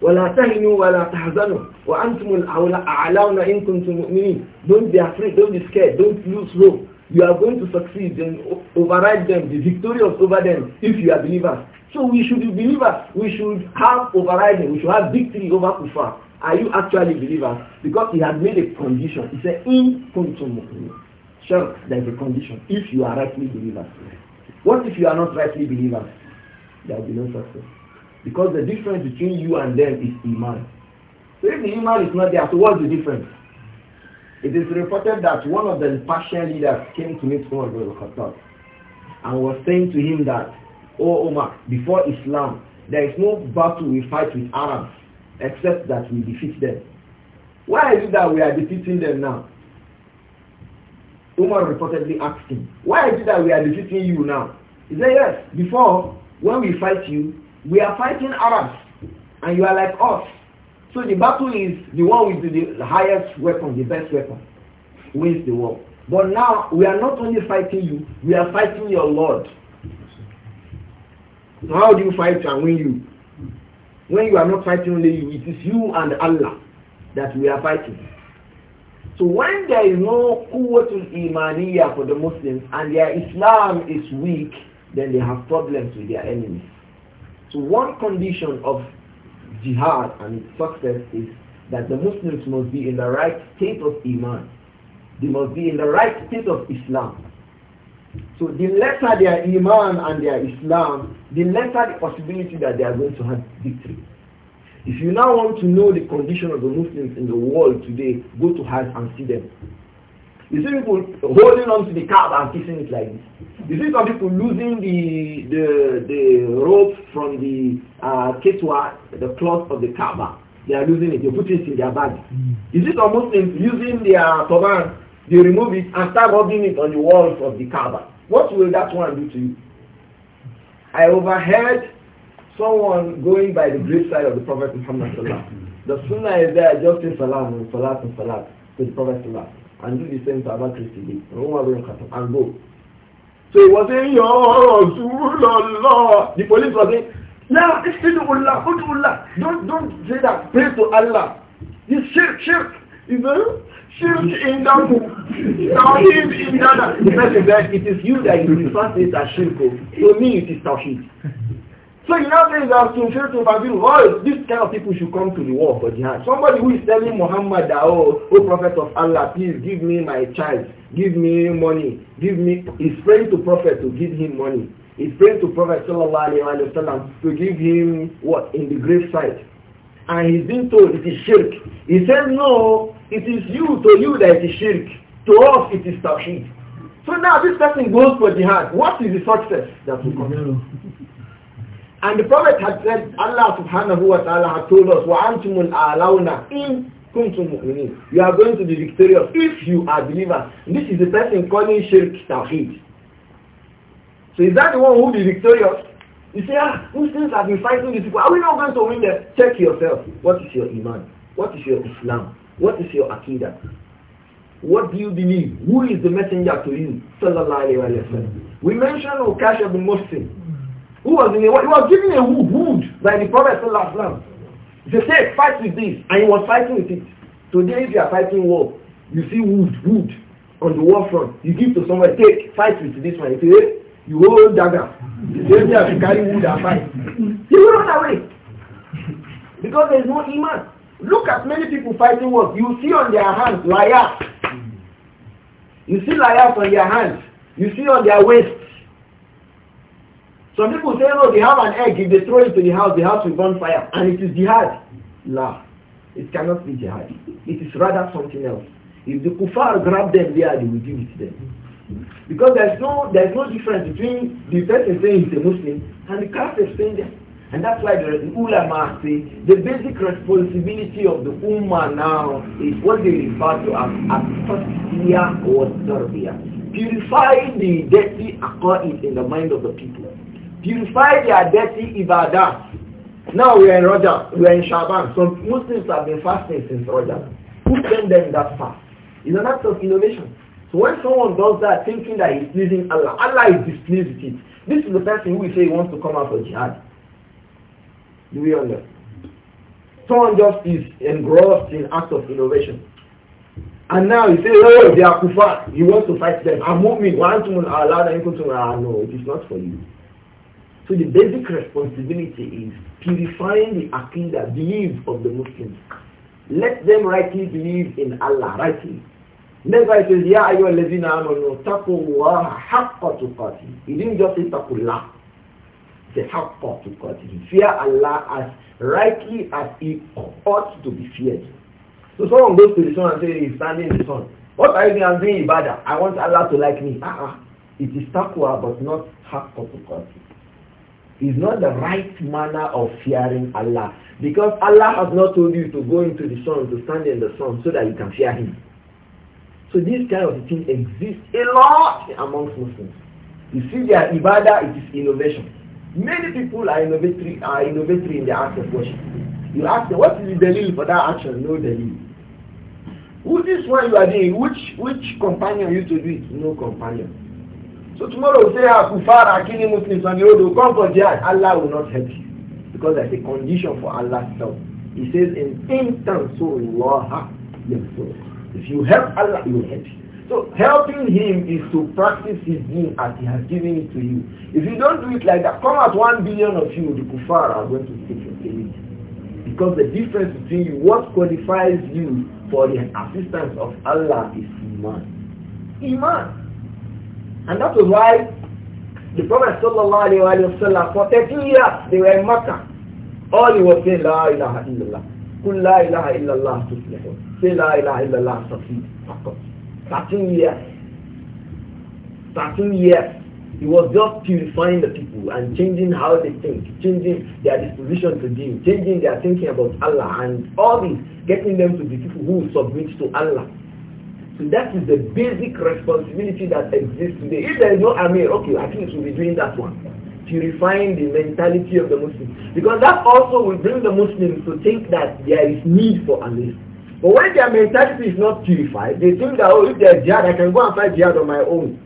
ولا تهنوا ولا تحزنوا وأنتم الأعلون إن كنتم مؤمنين Don't be afraid, don't be scared, don't lose hope. You are going to succeed and override them, be victorious over them if you are believers. So we should be believers. We should have overriding. We should have victory over Kufar. Are you actually believers? Because he had made a condition. He said, in kuntum Sure, there is a condition. If you are rightly believers. What if you are not rightly believers? There will be no success. Because the difference between you and them is Iman. So if the Iman is not there, so what's the difference? It is reported that one of the Persian leaders came to meet Umar al-Khattab and was saying to him that O Omar, before Islam, there is no battle we fight with Arabs except that we defeat them. Why is it that we are defeating them now? Umar reportedly asked him, why is it that we are defeating you now? He said, yes, before, when we fight you, we are fighting Arabs, and you are like us. So the battle is the one with the highest weapon, the best weapon, wins the war. But now, we are not only fighting you, we are fighting your Lord. how do you fight and win you? When you are not fighting only you, it is you and Allah that we are fighting. So when there is no quwwatul imaniyah for the Muslims and their Islam is weak, then they have problems with their enemies. So one condition of jihad and its success is that the Muslims must be in the right state of iman. They must be in the right state of Islam. So the lesser their Iman and their Islam, the lesser the possibility that they are going to have victory. If you now want to know the condition of the Muslims in the world today, go to Hajj and see them. You see people holding on to the Kaaba and kissing it like this. You see some people losing the the the rope from the uh, ketwa, the cloth of the Kaaba. They are losing it. They put it in their bag. Mm. You see some Muslims using their turban. They remove it and start rubbing it on the walls of the Kaaba. What will that one do to you? I overheard someone going by the graveside of the Prophet Muhammad Sallallahu The sunnah is there just say salam and salat and salat to the Prophet Sallallahu and do the same to Abba Christi and go. So it wasn't saying, Ya Rasulallah. The police was saying, La istidullah, don't, don't say that, pray to Allah. It's shirk, shirk. You know? Shirk in Daku. Tawheed in Dada. The person said, it is you that you refer to it as shirk. To me, it is Tawheed. So you now say that to share to Babylon, oh, this kind of people should come to the war for jihad. Somebody who is telling Muhammad that, oh, oh, prophet of Allah, please give me my child, give me money, give me, he's praying to prophet to give him money. He's praying to prophet sallallahu alayhi wa sallam to give him what? In the grave site and he's been told it is shirk. He says, no, it is you to you that it is shirk. To us, it is tawheed. So now this person goes for jihad. What is the success that will come? and the Prophet had said, Allah subhanahu wa ta'ala had told us, وَأَنْتُمُ الْأَعْلَوْنَ إِن كُنْتُمْ مُؤْمِنِينَ You are going to be victorious if you are believers. This is the person calling shirk tawheed. So is that the one who will be victorious? You say, ah, Muslims have been fighting these people. Are we not going to win them? Check yourself. What is your Iman? What is your Islam? What is your akida? What do you believe? Who is the messenger to you? Sallallahu alayhi wa, sallam. We mentioned Ukash bin Muslim. Who was in a, he was given a wood by the Prophet sallallahu alayhi wa sallam. They said, fight with this. And he was fighting with it. Today, if you are fighting war, you see wood, wood on the war front. You give to someone, take, fight with this one. You say, you hold dagger. The baby has to carry wood and fight. He will run away. Because there is no iman. Look at many people fighting wars. You see on their hands liars. You see liars on their hands. You see on their waist. Some people say, no, they have an egg. If they throw it to the house, the house will burn fire. And it is jihad. La. It cannot be jihad. It is rather something else. If the kuffar grab them there, they will give it to them. Because there's no, there's no difference between the person saying he's a Muslim and the kafir saying that. And that's why the ulama say the basic responsibility of the ummah now is what they refer to as atasiyah or tarbiyah. Purifying the dirty aqa'id in the mind of the people. Purify their dirty ibadah. Now we are in Rajab, we are in Shaban. Some Muslims have been fasting since Rajab. Who sent them that fast? It's an act of innovation. So when someone does that thinking that he's pleasing Allah, Allah is displeased with it. This is the person who will say he wants to come out for jihad. Do we understand? Someone just is engrossed in acts of innovation. And now he says, oh, they are kufar. He wants to fight them. I'm moving. Ah, no, it is not for you. So the basic responsibility is purifying the aqidah, belief of the Muslims. Let them rightly believe in Allah, rightly. Never it says, Ya ayyuha alladhina amanu, taqullaha haqqa tuqatih. He didn't just say taqullah. He said haqqa tuqatih. Fear Allah as rightly as he ought to be feared. So someone goes to the sun and says, he's standing in the sun. What are you doing? I'm doing ibadah. I want Allah to like me. Ah, ah, it is taqwa but not haqqa tuqatih. It's not the right manner of fearing Allah. Because Allah has not told you to go into the sun, to stand in the sun so that you can fear him. So this kind of thing exists a lot amongst Muslims. You see their ibadah, it is innovation. Many people are innovatory, are innovatory in the act of worship. You ask them, what is the delil for that action? No delil. Who this one you are doing? Which which companion you to do it? No companion. So tomorrow say, ah, kufar akini killing Muslims on the road. Oh, come for jihad. Allah will not help you. Because that's a condition for Allah's help. He says, in times so Allah, yes, so. If you help Allah, He will help you. So helping him is to practice his deen as he has given it to you. If you don't do it like that, come at one billion of you, the kuffar are going to take your payment. Because the difference between you, what qualifies you for the assistance of Allah is Iman. Iman. And that was why the Prophet sallallahu alayhi wa sallam, for 13 years, they were in Makkah. All he was saying, La ilaha illallah. قل لا إله إلا الله تفلحون say لا إله إلا الله succeed فقط 13 years 13 years he was just purifying the people and changing how they think, changing their disposition to deal changing their thinking about Allah and all this, getting them to be people who submit to Allah. So that is the basic responsibility that exists today. If there is no Amir, okay, I think we'll be doing that one purifying the mentality of the Muslims, Because that also will bring the Muslims to think that there is need for a list. But when their mentality is not purified, they think that, oh, if there's jihad, I can go and fight jihad on my own.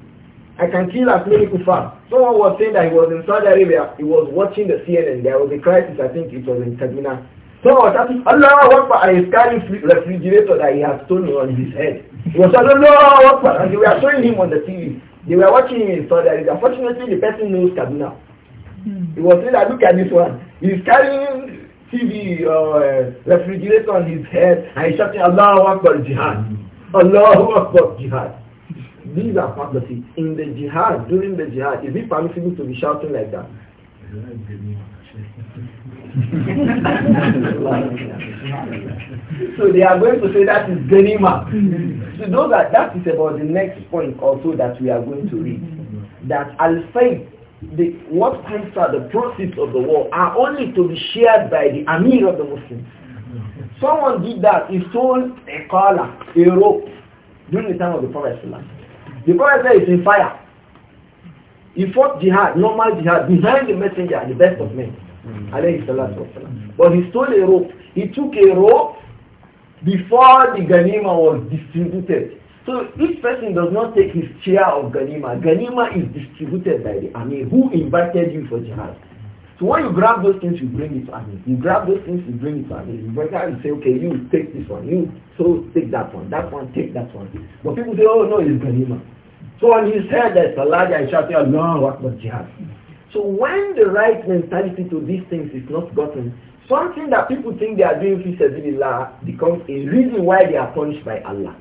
I can kill as many kufar. Someone was saying that he was in Saudi Arabia, he was watching the CNN, there was a crisis, I think it was in Kaduna. Someone was asking, Allah Akbar, and he's carrying refrigerator that he has stolen on his head. He was saying, Allah for, and they were showing him on the TV. They were watching him in Saudi Arabia. Fortunately, the person knows Kaduna. He was saying that look at this one. He's carrying TV or uh, refrigerator on his head and he's shouting Allah Akbar Jihad. Allahu Akbar Jihad. These are fantasies. In the jihad, during the jihad, is it permissible to be shouting like that? *laughs* so they are going to say that is Ganima. so those are, that is about the next point also that we are going to read. That al-faith the what comes out, the proceeds of the war are only to be shared by the Amir of the Muslims. Someone did that. He stole a collar, a rope, during the time of the Prophet. The Prophet is in fire. He fought jihad, normal jihad, behind the messenger, the best of men. Mm. But he stole a rope. He took a rope before the ganima was distributed. So each person does not take his share of ganima. Ganima is distributed by the army. Who invited you for jihad? So when you grab those things, you bring it to army. You grab those things, you bring it to army. You break out and say, okay, you take this one. You so take that one. That one, take that one. But people say, oh no, it's ganima. So on his head, there's a large and shouting, Allah Akbar jihad. So when the right mentality to these things is not gotten, something that people think they are doing fi sabilillah becomes a reason why they are punished by Allah.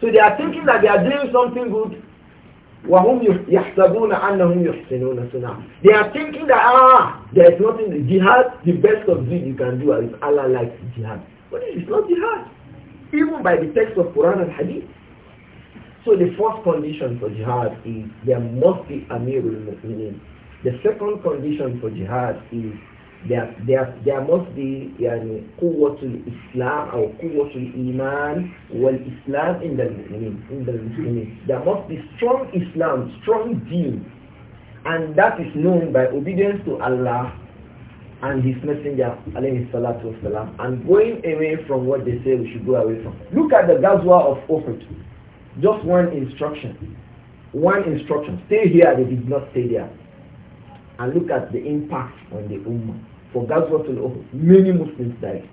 So they are thinking that they are doing something good. وهم يحسبون أنهم يحسنون صنعا. They are thinking that ah, there is nothing jihad. The best of deed you can do is Allah likes jihad. But it's not jihad, even by the text of Quran and Hadith. So the first condition for jihad is there must be Amirul Mu'minin. The second condition for jihad is there, there, there must be يعني قوة الإسلام أو قوة الإيمان والإسلام عند المؤمنين there must be strong Islam strong deen and that is known by obedience to Allah and his messenger alayhi salatu wasalam and going away from what they say we should go away from look at the gazwa of Uhud just one instruction one instruction stay here they did not stay there and look at the impact on the ummah for Ghazwatul Uhud. Many Muslims died.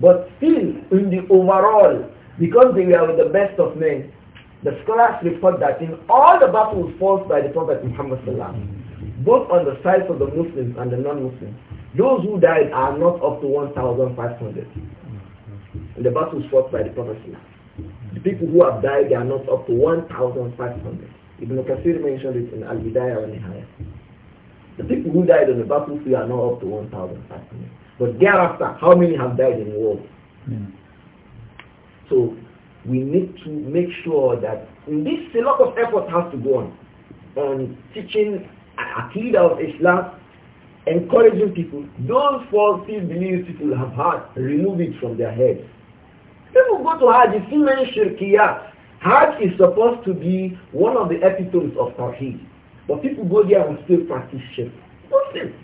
But still, in the overall, because they were the best of men, the scholars report that in all the battles fought by the Prophet Muhammad Sallam, both on the sides of the Muslims and the non-Muslims, those who died are not up to 1,500 in the battles fought by the Prophet Sallam. The people who have died, they are not up to 1,500. Ibn Kathir mentioned it in Al-Bidayah al Nihayah. The people who died on the battlefield are now up to 1,500. But thereafter, how many have died in war? Yeah. Hmm. So we need to make sure that in this a lot of effort has to go on on teaching Aqidah of Islam, encouraging people. Those false beliefs people have had, remove it from their heads. People go to Hajj, see many shirkiyat. Hajj is supposed to be one of the epitomes of Tawheed. But people go there and still practice shirk. Nonsense.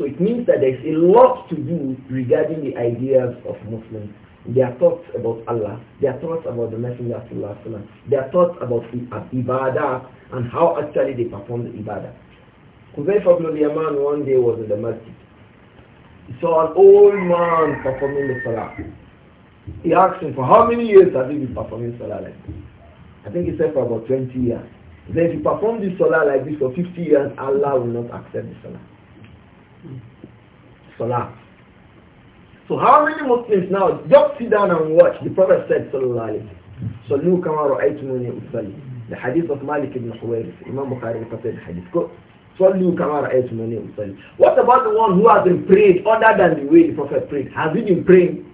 So it means that there's a lot to do regarding the ideas of Muslims. Their thoughts about Allah, their thoughts about the Messenger of Allah, their thoughts about the uh, ibadah and how actually they perform the ibadah. Huzaifa ibn Yaman one day was in the masjid. He saw an old man performing the salah. He asked him, for how many years have you been performing salah like this? I think he said for about 20 years. Then if you perform this salah like this for 50 years, Allah will not accept the salah. Salah. So how many Muslims now just sit down and watch? The Prophet said, Sallallahu Alaihi Wasallam, kama ra'aytumuni usali." The hadith of Malik ibn Huwais, Imam Bukhari reported the hadith. What about the one who has been prayed other than the way the Prophet prayed? Has he been praying?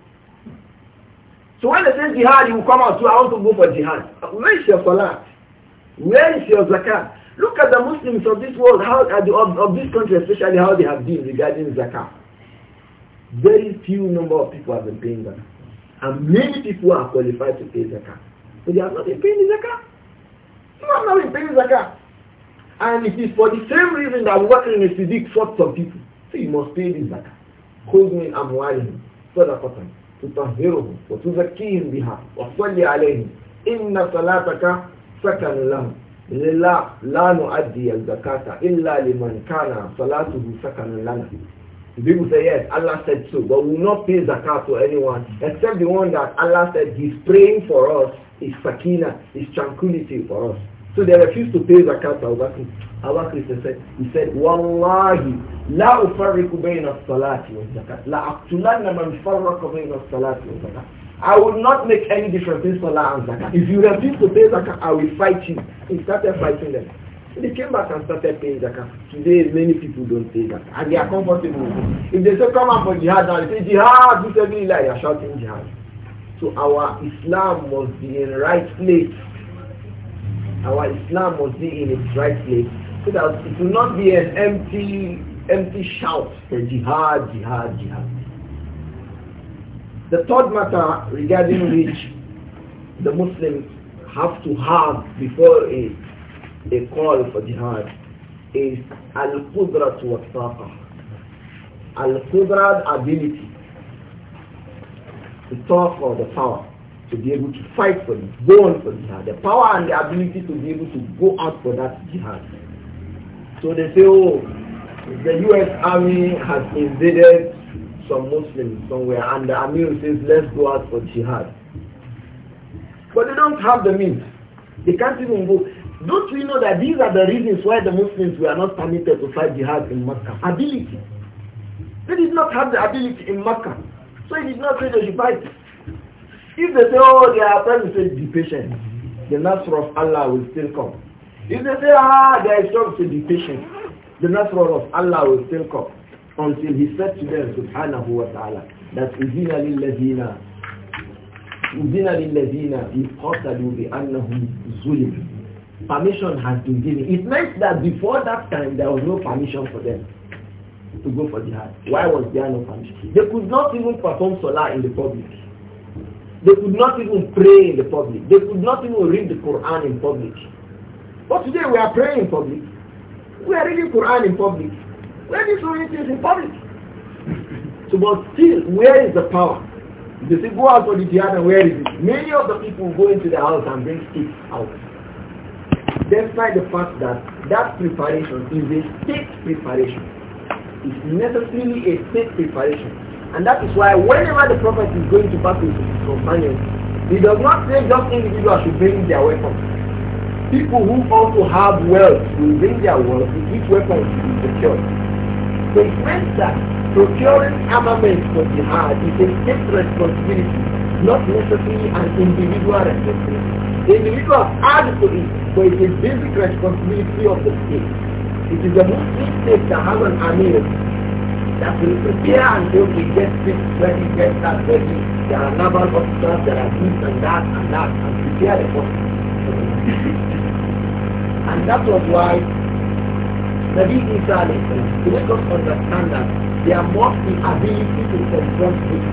So when they say jihad, he will come out, so I want to go for jihad. Where is your salah? Where is your zakat? Look at the Muslims of this world, how, the, uh, of, of this country especially, how they have been regarding zakat. Very few number of people have been paying zakat. And many people are qualified to pay zakat. But they have not been paying the zakat. You have not been paying zakat. And it is for the same reason that working in a physique for some people. So you must pay this zakat. خذ من أموالهم صدقة تطهرهم وتزكيهم بها وصل عليهم إن صلاتك سكن له لا لا نؤدي الزكاة إلا لمن كان صلاته سكن لنا People say yes, Allah said so, but we will not pay zakat to anyone except the one that Allah said He's praying for us, His sakina, His tranquility for us. So they refused to pay zakat to Abu Bakr. said, he said, Wallahi, la ufarriku bayna salati wa zakat. La aqtulanna man farraqa bayna salati wa zakat. I will not make any difference in Salah and Zakah. If you refuse to pay Zakah, I will fight you. He started fighting them. They came back and started paying zakah. Today, many people don't pay that, And they are comfortable If they say, come on for jihad, now they say, jihad, do something like they are shouting jihad. So our Islam must be in right place. Our Islam must be in its right place. So that it will not be an empty, empty shout, jihad, jihad, jihad. The third matter regarding which the Muslims have to have before a, a call for jihad is al-qudrat wa taqa. Al-qudrat ability, to talk for the power to be able to fight for it, go on for jihad, the power and the ability to be able to go out for that jihad. So they say, oh, the U.S. Army has invaded some Muslims somewhere and the Amir says, let's go out for jihad. But they don't have the means. They can't even go. Don't we know that these are the reasons why the Muslims were not permitted to fight jihad in Mecca? Ability. They did not have the ability in Mecca. So it is did not say they should fight. If they say, oh, they are friends, say, be patient. The Nasr of Allah will still come. If they say, ah, they are trying to be patient, the Nasr of Allah will still come until he said to them subhanahu wa ta'ala that uzina lillazina uzina lillazina yuqatalu bi zulim permission has been given it meant that before that time there was no permission for them to go for jihad why was there no permission they could not even perform salah in the public they could not even pray in the public they could not even read the quran in public but today we are praying in public we are reading quran in public when things in public. So, but still, where is the power? They say, go out to the yard, and where is it? Many of the people go into the house and bring sticks out. Despite the fact that that preparation is a state preparation. It's necessarily a state preparation. And that is why whenever the prophet is going to battle with his companions, he does not say just individuals should bring their weapons. People who also have wealth will bring their wealth with each weapon is secured it means that procuring armaments for jihad is a state responsibility, not necessarily an individual responsibility. The individual has to it, but it is basic responsibility of the state. It is the Muslim state that has an amir that will prepare until they get this ready, get that ready. There are naval officers, there are this and that and that, and prepare the forces. and that was why Nabi Isa to make us understand that they there more the ability to confront this.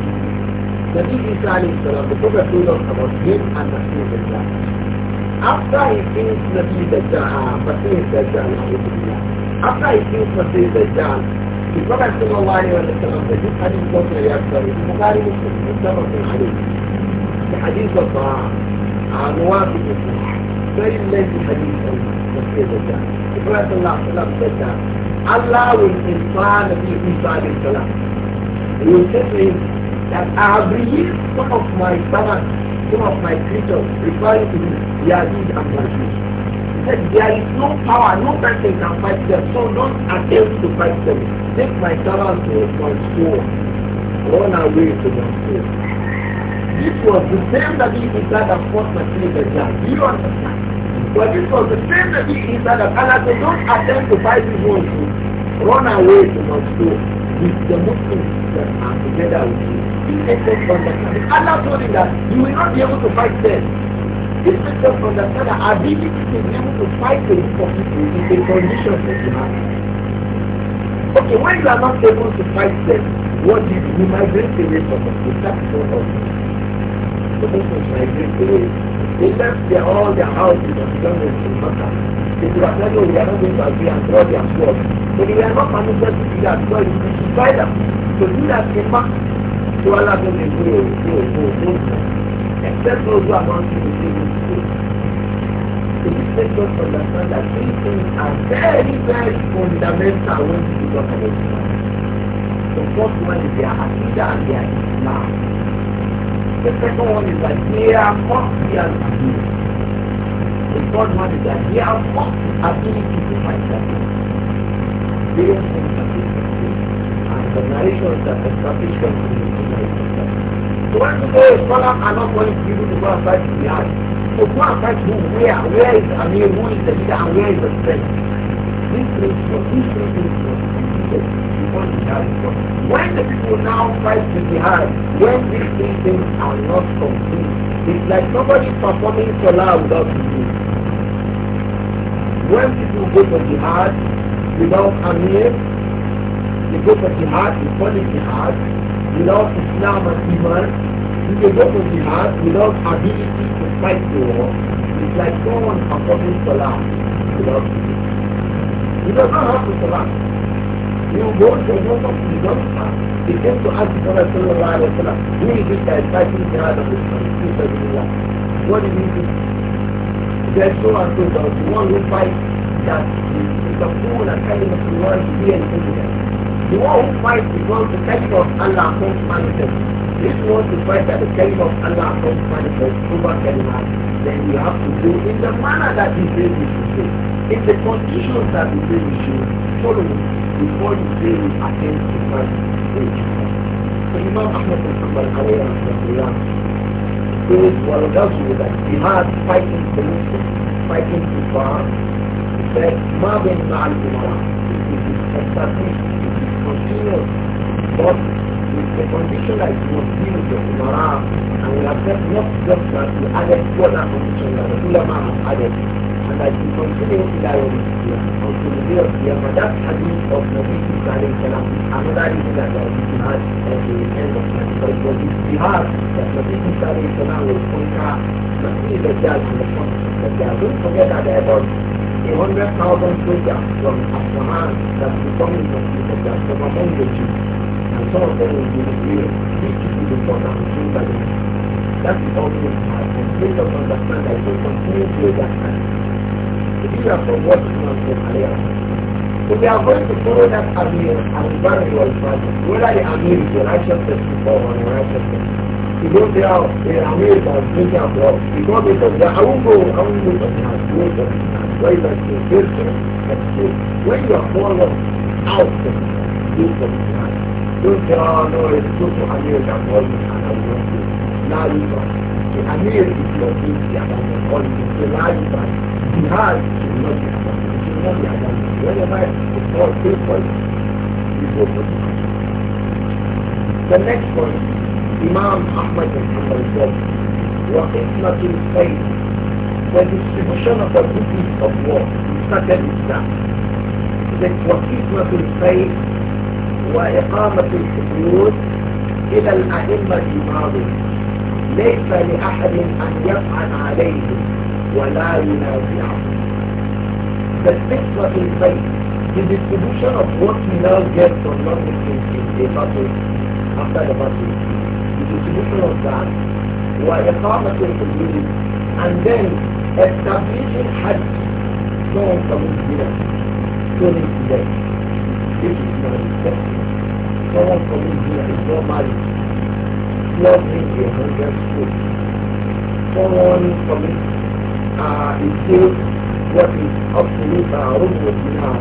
Nabi Isa the Prophet told us about him and the Prophet of Dajjal. After he finished Nabi Dajjal, Masih Dajjal, after he finished Masih Dajjal, the Prophet sallallahu alayhi wa sallam said this hadith was very accurate. Bukhari Muslim, Mustafa bin Ali. The hadith was uh, Nuwafi bin very lengthy hadith on the fear of God. The Prophet ﷺ said that Allah will inspire Nabi Isa salam. He will say to him that I have released some of my servants, some of my creatures, referring to him, Yazid and Majid. He said, there is no power, no person can fight them, so don't attempt to fight them. Take my servants to my sword, run away to the sword. This was the same Nabi Isa that fought Masjid al-Jam. Do you understand? But this was the same that Nabi Isa that Allah said, don't attempt to fight this own food. Run away to my Mosul with the Muslims that are together with you. He makes us understand. Allah told him that you will not be able to fight them. This makes us understand that ability to be able to fight the group of people is a condition for have? Okay, when you are not able to fight them, what do you do? You migrate away from the That is what They left their, all their houses and families in Makkah. They were telling you, we are not going to agree and draw their sword. But they were not permitted to do that, so you crucify them. To do that in Makkah, so Allah will be free, free, free, free. Except those who are not to be free. So this makes us understand that these things are very, very fundamental when we talk about Islam. The first one is their Aqidah and their Islam. The second one is that they are mostly as good. The third one is that they are mostly ability to find that. They don't think that And the narration is that the tradition is the narration. So when people say scholars are not going to give the to go outside to the eye, so go outside to where? Where is Amir? Who is the leader? And where is the strength? This principle, this principle is when the people now fight be Jihad, when these three things are not complete, it's like nobody performing Salah without wudu. When people go the Jihad without Amir, they go to Jihad, they call the Jihad, without Islam and Iman, they go the Jihad without ability to fight the war, it's like someone performing Salah without wudu. You don't have to Salah. You go to you don't you don't fast. He came to ask the Prophet Sallallahu Alaihi Wasallam, who is this guy fighting jihad of Islam? He said, What did he do? There's so and so does the one who fights that is the fool and telling us the world to be an infidel. The one who fights because the caliph of Allah comes manifest. If you to fight that the caliph of Allah comes manifest over Kalimah, then you have to do in the manner that he says we should do. In the conditions that he says we should follow. before you say you attain to that stage. So Imam Ahmed bin Hanbal Kawai Rahmatullah says, well, that's with that jihad fighting pollution, fighting to bar, he said, ma bin ma'al umara. It is established, it is continuous, but with the condition that you must deal with the umara, and we have said not just that we added two other conditions that the ulama have added. Mengaji considering Sikayori to reveal the Amadat Hadith of Nabi Sallallahu Salam. Amadat is that of Jihad at the end of time. So it was this Jihad that Nabi Sallallahu Salam will conquer Nabi Dajjal and the Son of Dajjal. Don't forget that there was a hundred thousand soldiers from Afghanistan that becoming Nabi Dajjal from among the Jews. And some of them will be revealed. These people will come and kill by them. That is also Jihad. And please understand that it will continue to that time. These are from what Imam Bukhari So we are going to follow that Amir and very well practice. Whether the Amir is a righteous person or an unrighteous person. You don't say, oh, the Amir is a drinking of blood. Because they say, I won't go, I won't go to the house. Wait a minute. Wait a minute. When you are born out of the house, don't say, oh, no, it's good for Amir that all this and I will not do. Now you are. The Amir is your duty and I will call you. So now you are. عارف النبي النبي وانا معك الصور كل point يقول The next point Imam Ahmad bin Hanbal said وقسمة الخير The distribution of the goodies of war started Islam that وقسمة الخير وإقامة الحدود إلى الأئمة الماضية ليس لأحد أن يفعل عليهم ولا The sixth was is place. the distribution of what we now get from non-Muslims in a after the battle. The distribution of that, وإقامة الحدود and then establishing Hajj no one commits dinner, stoning to death. This is not acceptable. Someone commits dinner is not marriage. Slaughtering a hundred foot. Someone commits الدين وفي أصله تعرض وابتلاع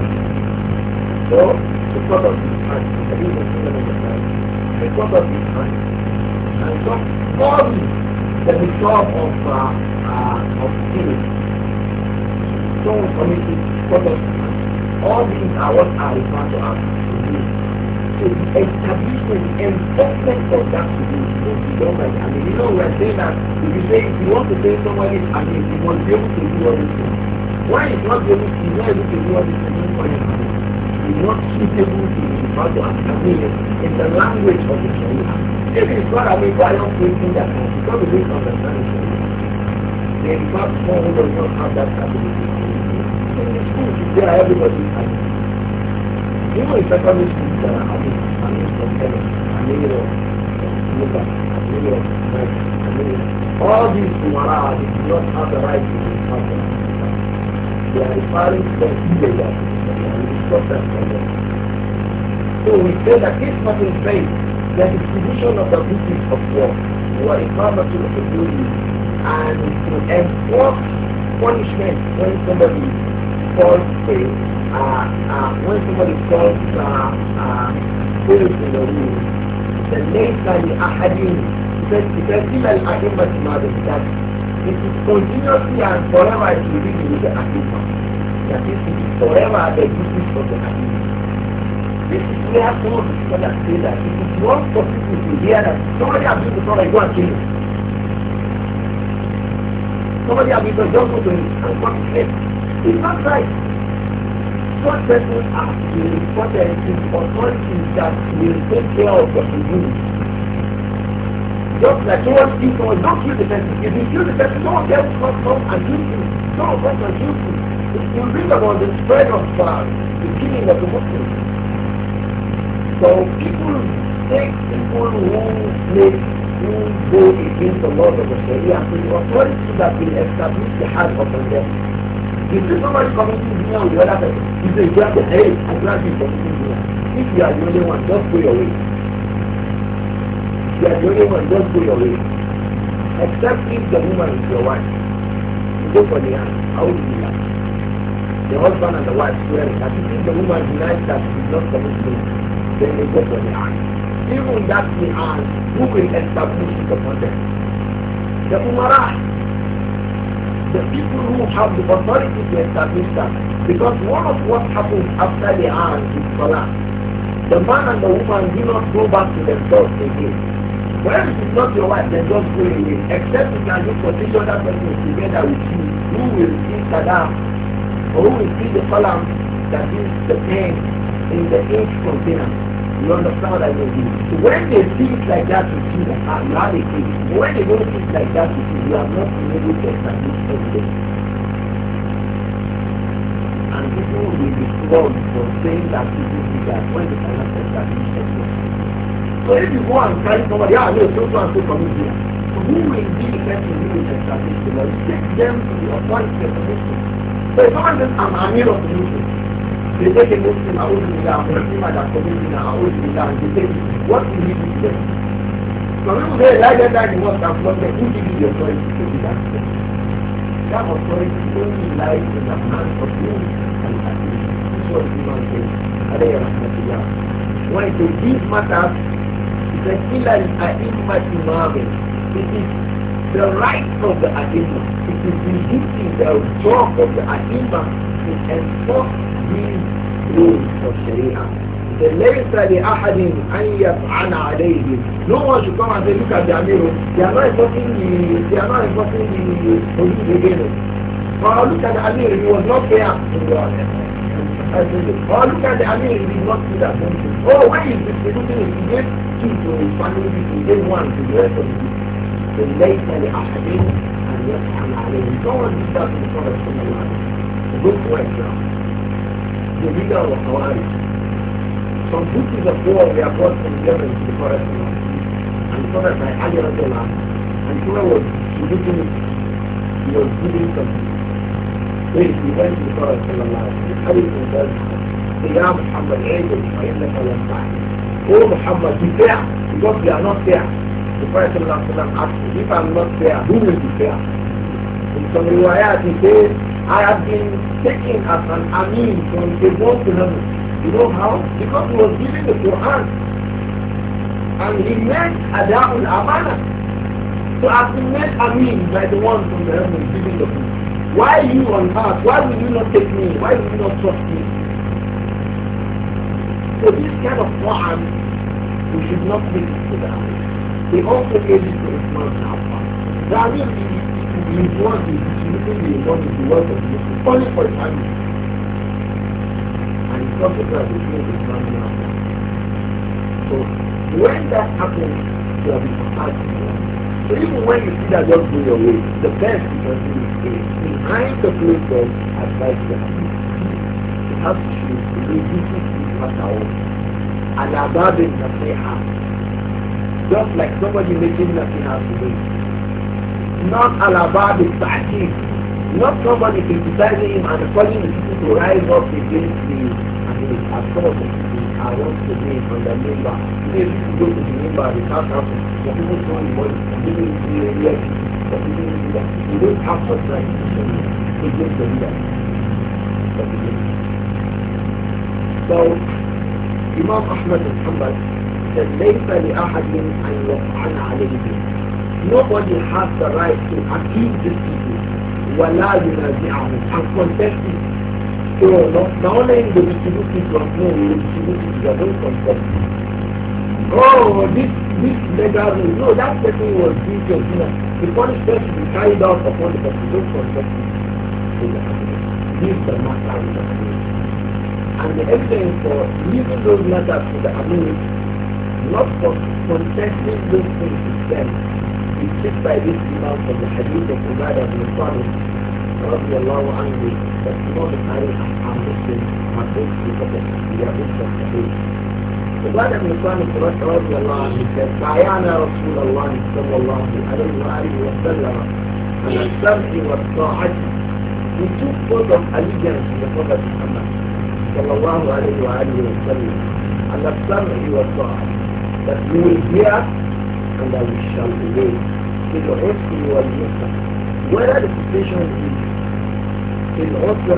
فالقدر بالحج سبيل رسول الله القدر بالحج and some body that is sort of uh, uh, of spirit so for me to all these are what I refer to as to establishment, enforcement of that to be done government. I mean, you know, we're saying that if you say, if you want to say somebody, I mean, you must be able to do all these things. Why is not able, he's not able to do all these things for him? not suitable to be part of in the language of the Sharia. If it's not Akamil, why not creating that? Because we don't understand the Sharia. The impact form does not have that capability. In the school, there everybody is all these Sumara did not have the right to this matter. They are referring the teenagers, and we stop that from So we say that this matter is based the distribution of the duties of war, war is not to the duty, and to enforce punishment when somebody is false faith, uh, uh, when somebody falls uh, uh, fails in the because even the لأحد تسلسل الأئمة ما بالذات It is continuously and forever to be with the That this is forever the duties of the Akima. This is where some of the scholars say that it is not possible people to hear that somebody has been to somebody, go and kill him. Somebody has been to just to him and go to him. It's not right. God said we have to report authorities that will take care of what we do. Just like towards people, not you, the person. If you kill the person, no one else can come and shoot you. No one comes and shoot you. It will bring about the spread of uh, the killing of the Muslims. So people take people who make who go against the laws of the Sharia to the authority that will establish the heart of them. You see somebody coming committing union with the other person, you say, you have to, hey, I'm glad you're committing union. If you are the only one, just go your way. If you are the only one, just go your way. Except if the woman is your wife. You go for the hand. How would you like? The husband and the wife swear that if the woman denies that she is not committing then they go for the hand. Even that the hand, who will establish the context? The umarah the people who have the authority to establish that. Because one of what happens after the hand is collapse. The man and the woman do not go back to themselves again. When it is not your wife, they just go away. Except if you can looking for this other person together with you, who will see Saddam, or who will see the column that is the pain in the ink container. You understand what I mean? when they see like that, you see are not now they When they don't see like that, you see you have not been able to establish evidence. And people will be flogged for saying that people do that when they cannot establish evidence. So if you go and carry somebody, ah, no, so and so from India, who will be the person who will establish the law? take them to the authority of the nation. So if someone says, I'm an of the nation, they take a Muslim, I will be down, the Muslim that committed now, I will be down. They say, what do you do then? Some people say, like that guy, you must have lost them. Who give you the authority to do that? That authority only lies in the hands of you and Allah. This was the man said, alayhi rahmatullah. When these matters, it says, illa al-a'immat imamim. It is the right of the ai It is the duty, the job of the ai to enforce. الدين والشريعة ليس لأحد أن يفعل عليه نوع جبتما زي ميكا بيعمله يعنى يفصلني يعنى يفصلني حدود بينه قالوا كان أمير هو نصف يعني قالوا كان أمير هو نصف لا هو وين في السلوكين في جيب كيتو يفعلوا في جيب وان في جيب ليس لأحد أن يفعل عليه نوع جبتما زي ميكا بيعمله ذو كويس the leader of Hawaii. Some books of we are brought from Yemen to the Prophet and Prophet by Ali Rasulullah and Prophet was looking he was giving something. Then he went to the Prophet sallallahu alayhi wa sallam and said, Ya Muhammad, عيدك فإنك لم تعلم. Oh Muhammad, be fair, because we are not there. The Prophet sallallahu alayhi wa sallam asked, if I'm not there. who will be fair? In some riwayat he says, I have been taken as an Amin from the one to heaven. You know how? Because he was giving the Quran. And he met Ada'ul Amana. So I've been Amin by the one from the heaven giving the book. Why you on earth? Why will you not take me? Why will you not trust me? So this kind of Quran, we should not be. it to the Amin. They also gave it to Usman Affan. That everything we want to the wealth of the nation, only for family. And it's not because we feel the family So when that happens, you have been compared to them. So even when you see that just go your way, the best you can do is behind the place of advice you have to have to reduce it after all. Al-Abab they have. Just like somebody making nothing out today. Not Al-Abab is not somebody criticizing him and calling the people to rise up against him and the assault I want to be from the member. Today do go to the member and they can't have some people throwing the money, some in the area, some people in the You don't have such right against the leader. So Imam Ahmad al Hanbal said, ليس لأحد أن يطعن عليه Nobody has the right to accuse this ولا ينازعه and contest it so na only him go distribute it from no he go distribute oh this this legal rule no that person was guilty of the punishment should be carried out upon the person don this is the matter and the evidence for leaving those matters to the amendment not for contesting those things itself بالنسبة للإمام الحديث عبادة بن صالح رضي الله عنه فالإمام التاريخ عن مسلم مرفوض في فتح يقول الصحيح عبادة بن صالح رضي الله عنه قال رسول الله صلى الله عليه وسلم على السمع والطاعة We took oath of allegiance to صلى الله عليه وآله وسلم على السمع والطاعة that you under we shall be laid. It will ask you and Musa whether the situation is, in also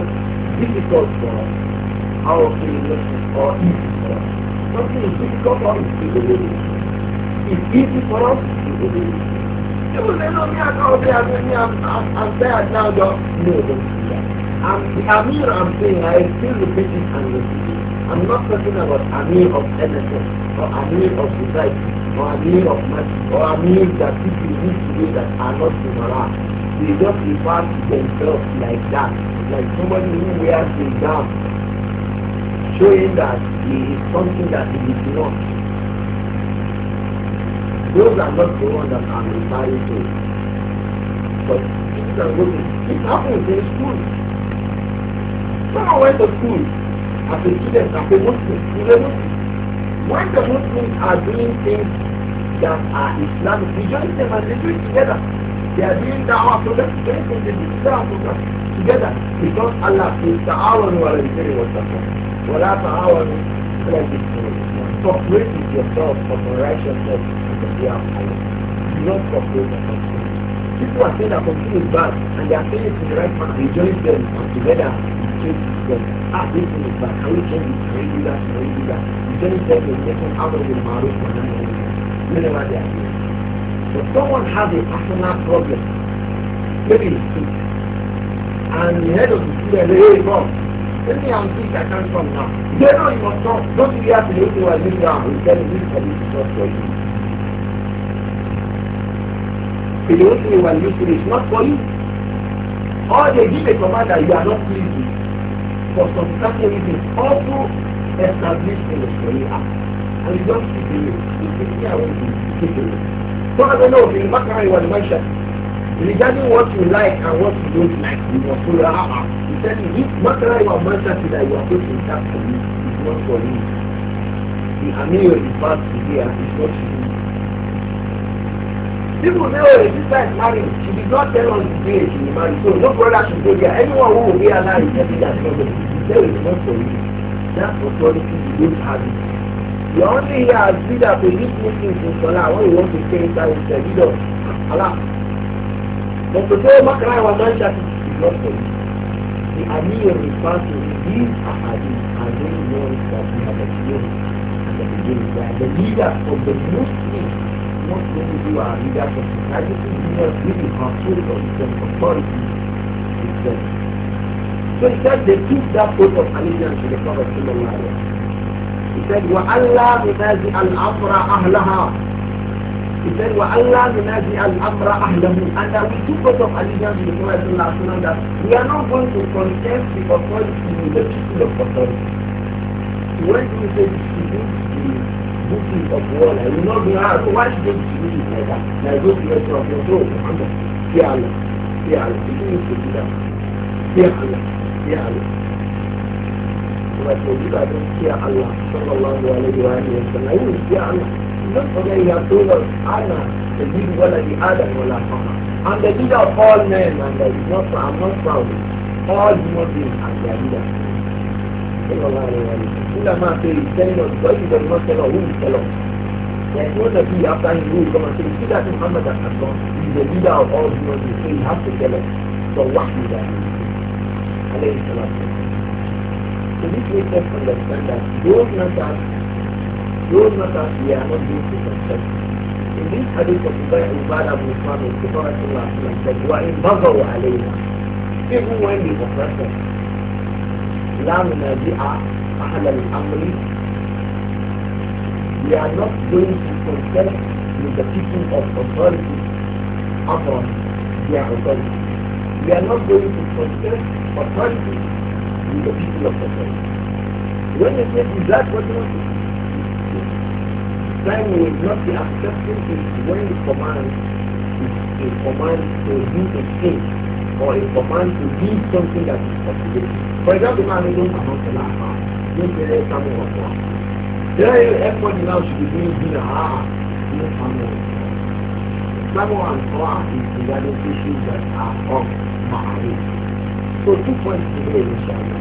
difficult for us, how to listen or easy for us. Something is difficult for us to obey. It's easy for us to obey. You will say, me, I can I'm, I'm, now, though. No, don't do that. I'm, Amir I'm saying, I still repeat it and repeat it. I'm not talking about Amir of NSS or Amir of society. or a meal of mercy or a meal that people need today that are not in Iraq. They just refer to themselves like that, like somebody who wears a gown, showing that he is something that he is not. Those are not the ones that I'm referring to. But things are going to, it happens in school. When I went to school, as a student, as a Muslim, as a Muslim, When the Muslims are doing things that are Islamic, we join them and they do it together. They are doing da'wah to them, they do da'wah to them together because Allah says ta'awanu ala al-birri wa taqwa wa la ta'awanu ala al-ithmi Cooperate with yourself for the righteousness and the fear of Allah. Do not cooperate with yourself. People are saying that computing is bad and they are saying it in the right manner. Rejoice them together treat them. Ah, this thing is bad. Can we change it? Can we do that? Can we that? You don't take the person out of the marriage for them. Whenever they are here. So someone has a personal problem. Maybe he's sick. And the head of the student says, hey, mom, tell me I'm sick, I can't come now. Then no, you must come. Don't you have to wait till I leave now. He'll tell you this committee is not for you. The only way when you finish, not for you. Or they give a command that you are not pleased with for some certain reasons also established in the Sharia. And you don't see the way I want to take it. So I don't know, the Makari was mentioned, regarding what you like and what you don't like, you must follow Ra'a. He said, if Makari was mentioned that you are going to that for me, it's not for you. The Amir is bad to hear, it's not for you. People know a sister is married, she did not tell on the day she is married. So no brother should go there. Anyone who will be alive is telling that nobody. There is no for you. That authority you don't have it. The only here as leader to lead meetings in Salah when you want to stay inside with the leader. Allah. But to say Makrai was not shouting is not for you. The Amir refers to these ahadith are very ones that we have experienced at the beginning. They the leader of the Muslim. most people do are leaders of society who are really controlled of Islam authority Islam. So he said they took that oath of allegiance to the Prophet Sallallahu Alaihi Wasallam. He said, وَأَلَّا يُنَازِعَ الْأَمْرَ أَهْلَهَا He said, وَأَلَّا يُنَازِعَ الْأَمْرَ أَهْلَهُ And that we took oath of allegiance to the Prophet Sallallahu Alaihi Wasallam that we are not going to contest the authority in the people of authority. When do you say distribute duty of water. You know, you are, so why should you be like that? Like those people from your soul, Muhammad. Fear Allah. Fear Allah. You need to do that. Fear Allah. Fear Allah. So that for you, I don't fear Allah. Sallallahu alayhi wa alayhi wa sallam. You will fear Allah. Not forget you have told us, Allah, the big one of the Adam wa la I'm the leader of all men, and there is not, I'm not proud. All human beings are their leaders. صلى الله عليه وسلم إلا ما في كلمة بيضة ما سلوه سلوه يعني هو نبي أبطان يقول كما سلوه كده في محمد الحسن يزيد على الأرض من الجسين حتى كلمة صلوح بيضة عليه الصلاة والسلام So this makes us understand that لا الأمر We are not going to contest with the people of authority upon their authority. We are not going to contest authority with the people of authority. When they say, is that what you want to do? Time will not be accepted is when the command is a command to do a thing or a command to do something that is possible. For example, now they don't come out to laugh now. They say a coming up now. There is everybody a should be doing dinner. Ah, no family. Samuel and Torah is regarding issues that are of Ma'arif. So two points today, inshallah.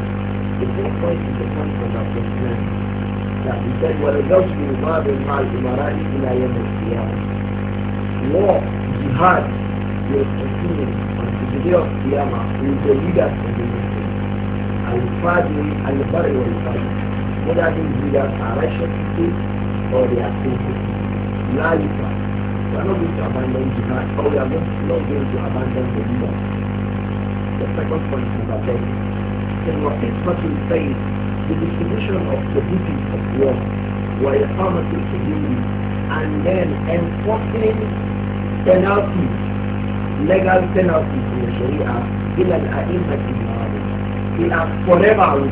The first point is the point of that concern. That he said, وَلَدَوْتُ مِنْ بَابِ الْمَالِ مَرَائِكِ لَا يَمِ الْقِيَامِ War, jihad, will continue until the day of Qiyamah the of the الفاجر البر والفاجر whether these leaders are righteous people or they are sinful لا يفعل we are not going to abandon jihad we are not going to abandon the the second point is that then what is what we the distribution of the duties of war وإقامة الحدود and then enforcing penalties legal penalties in the Sharia إلى الأئمة forever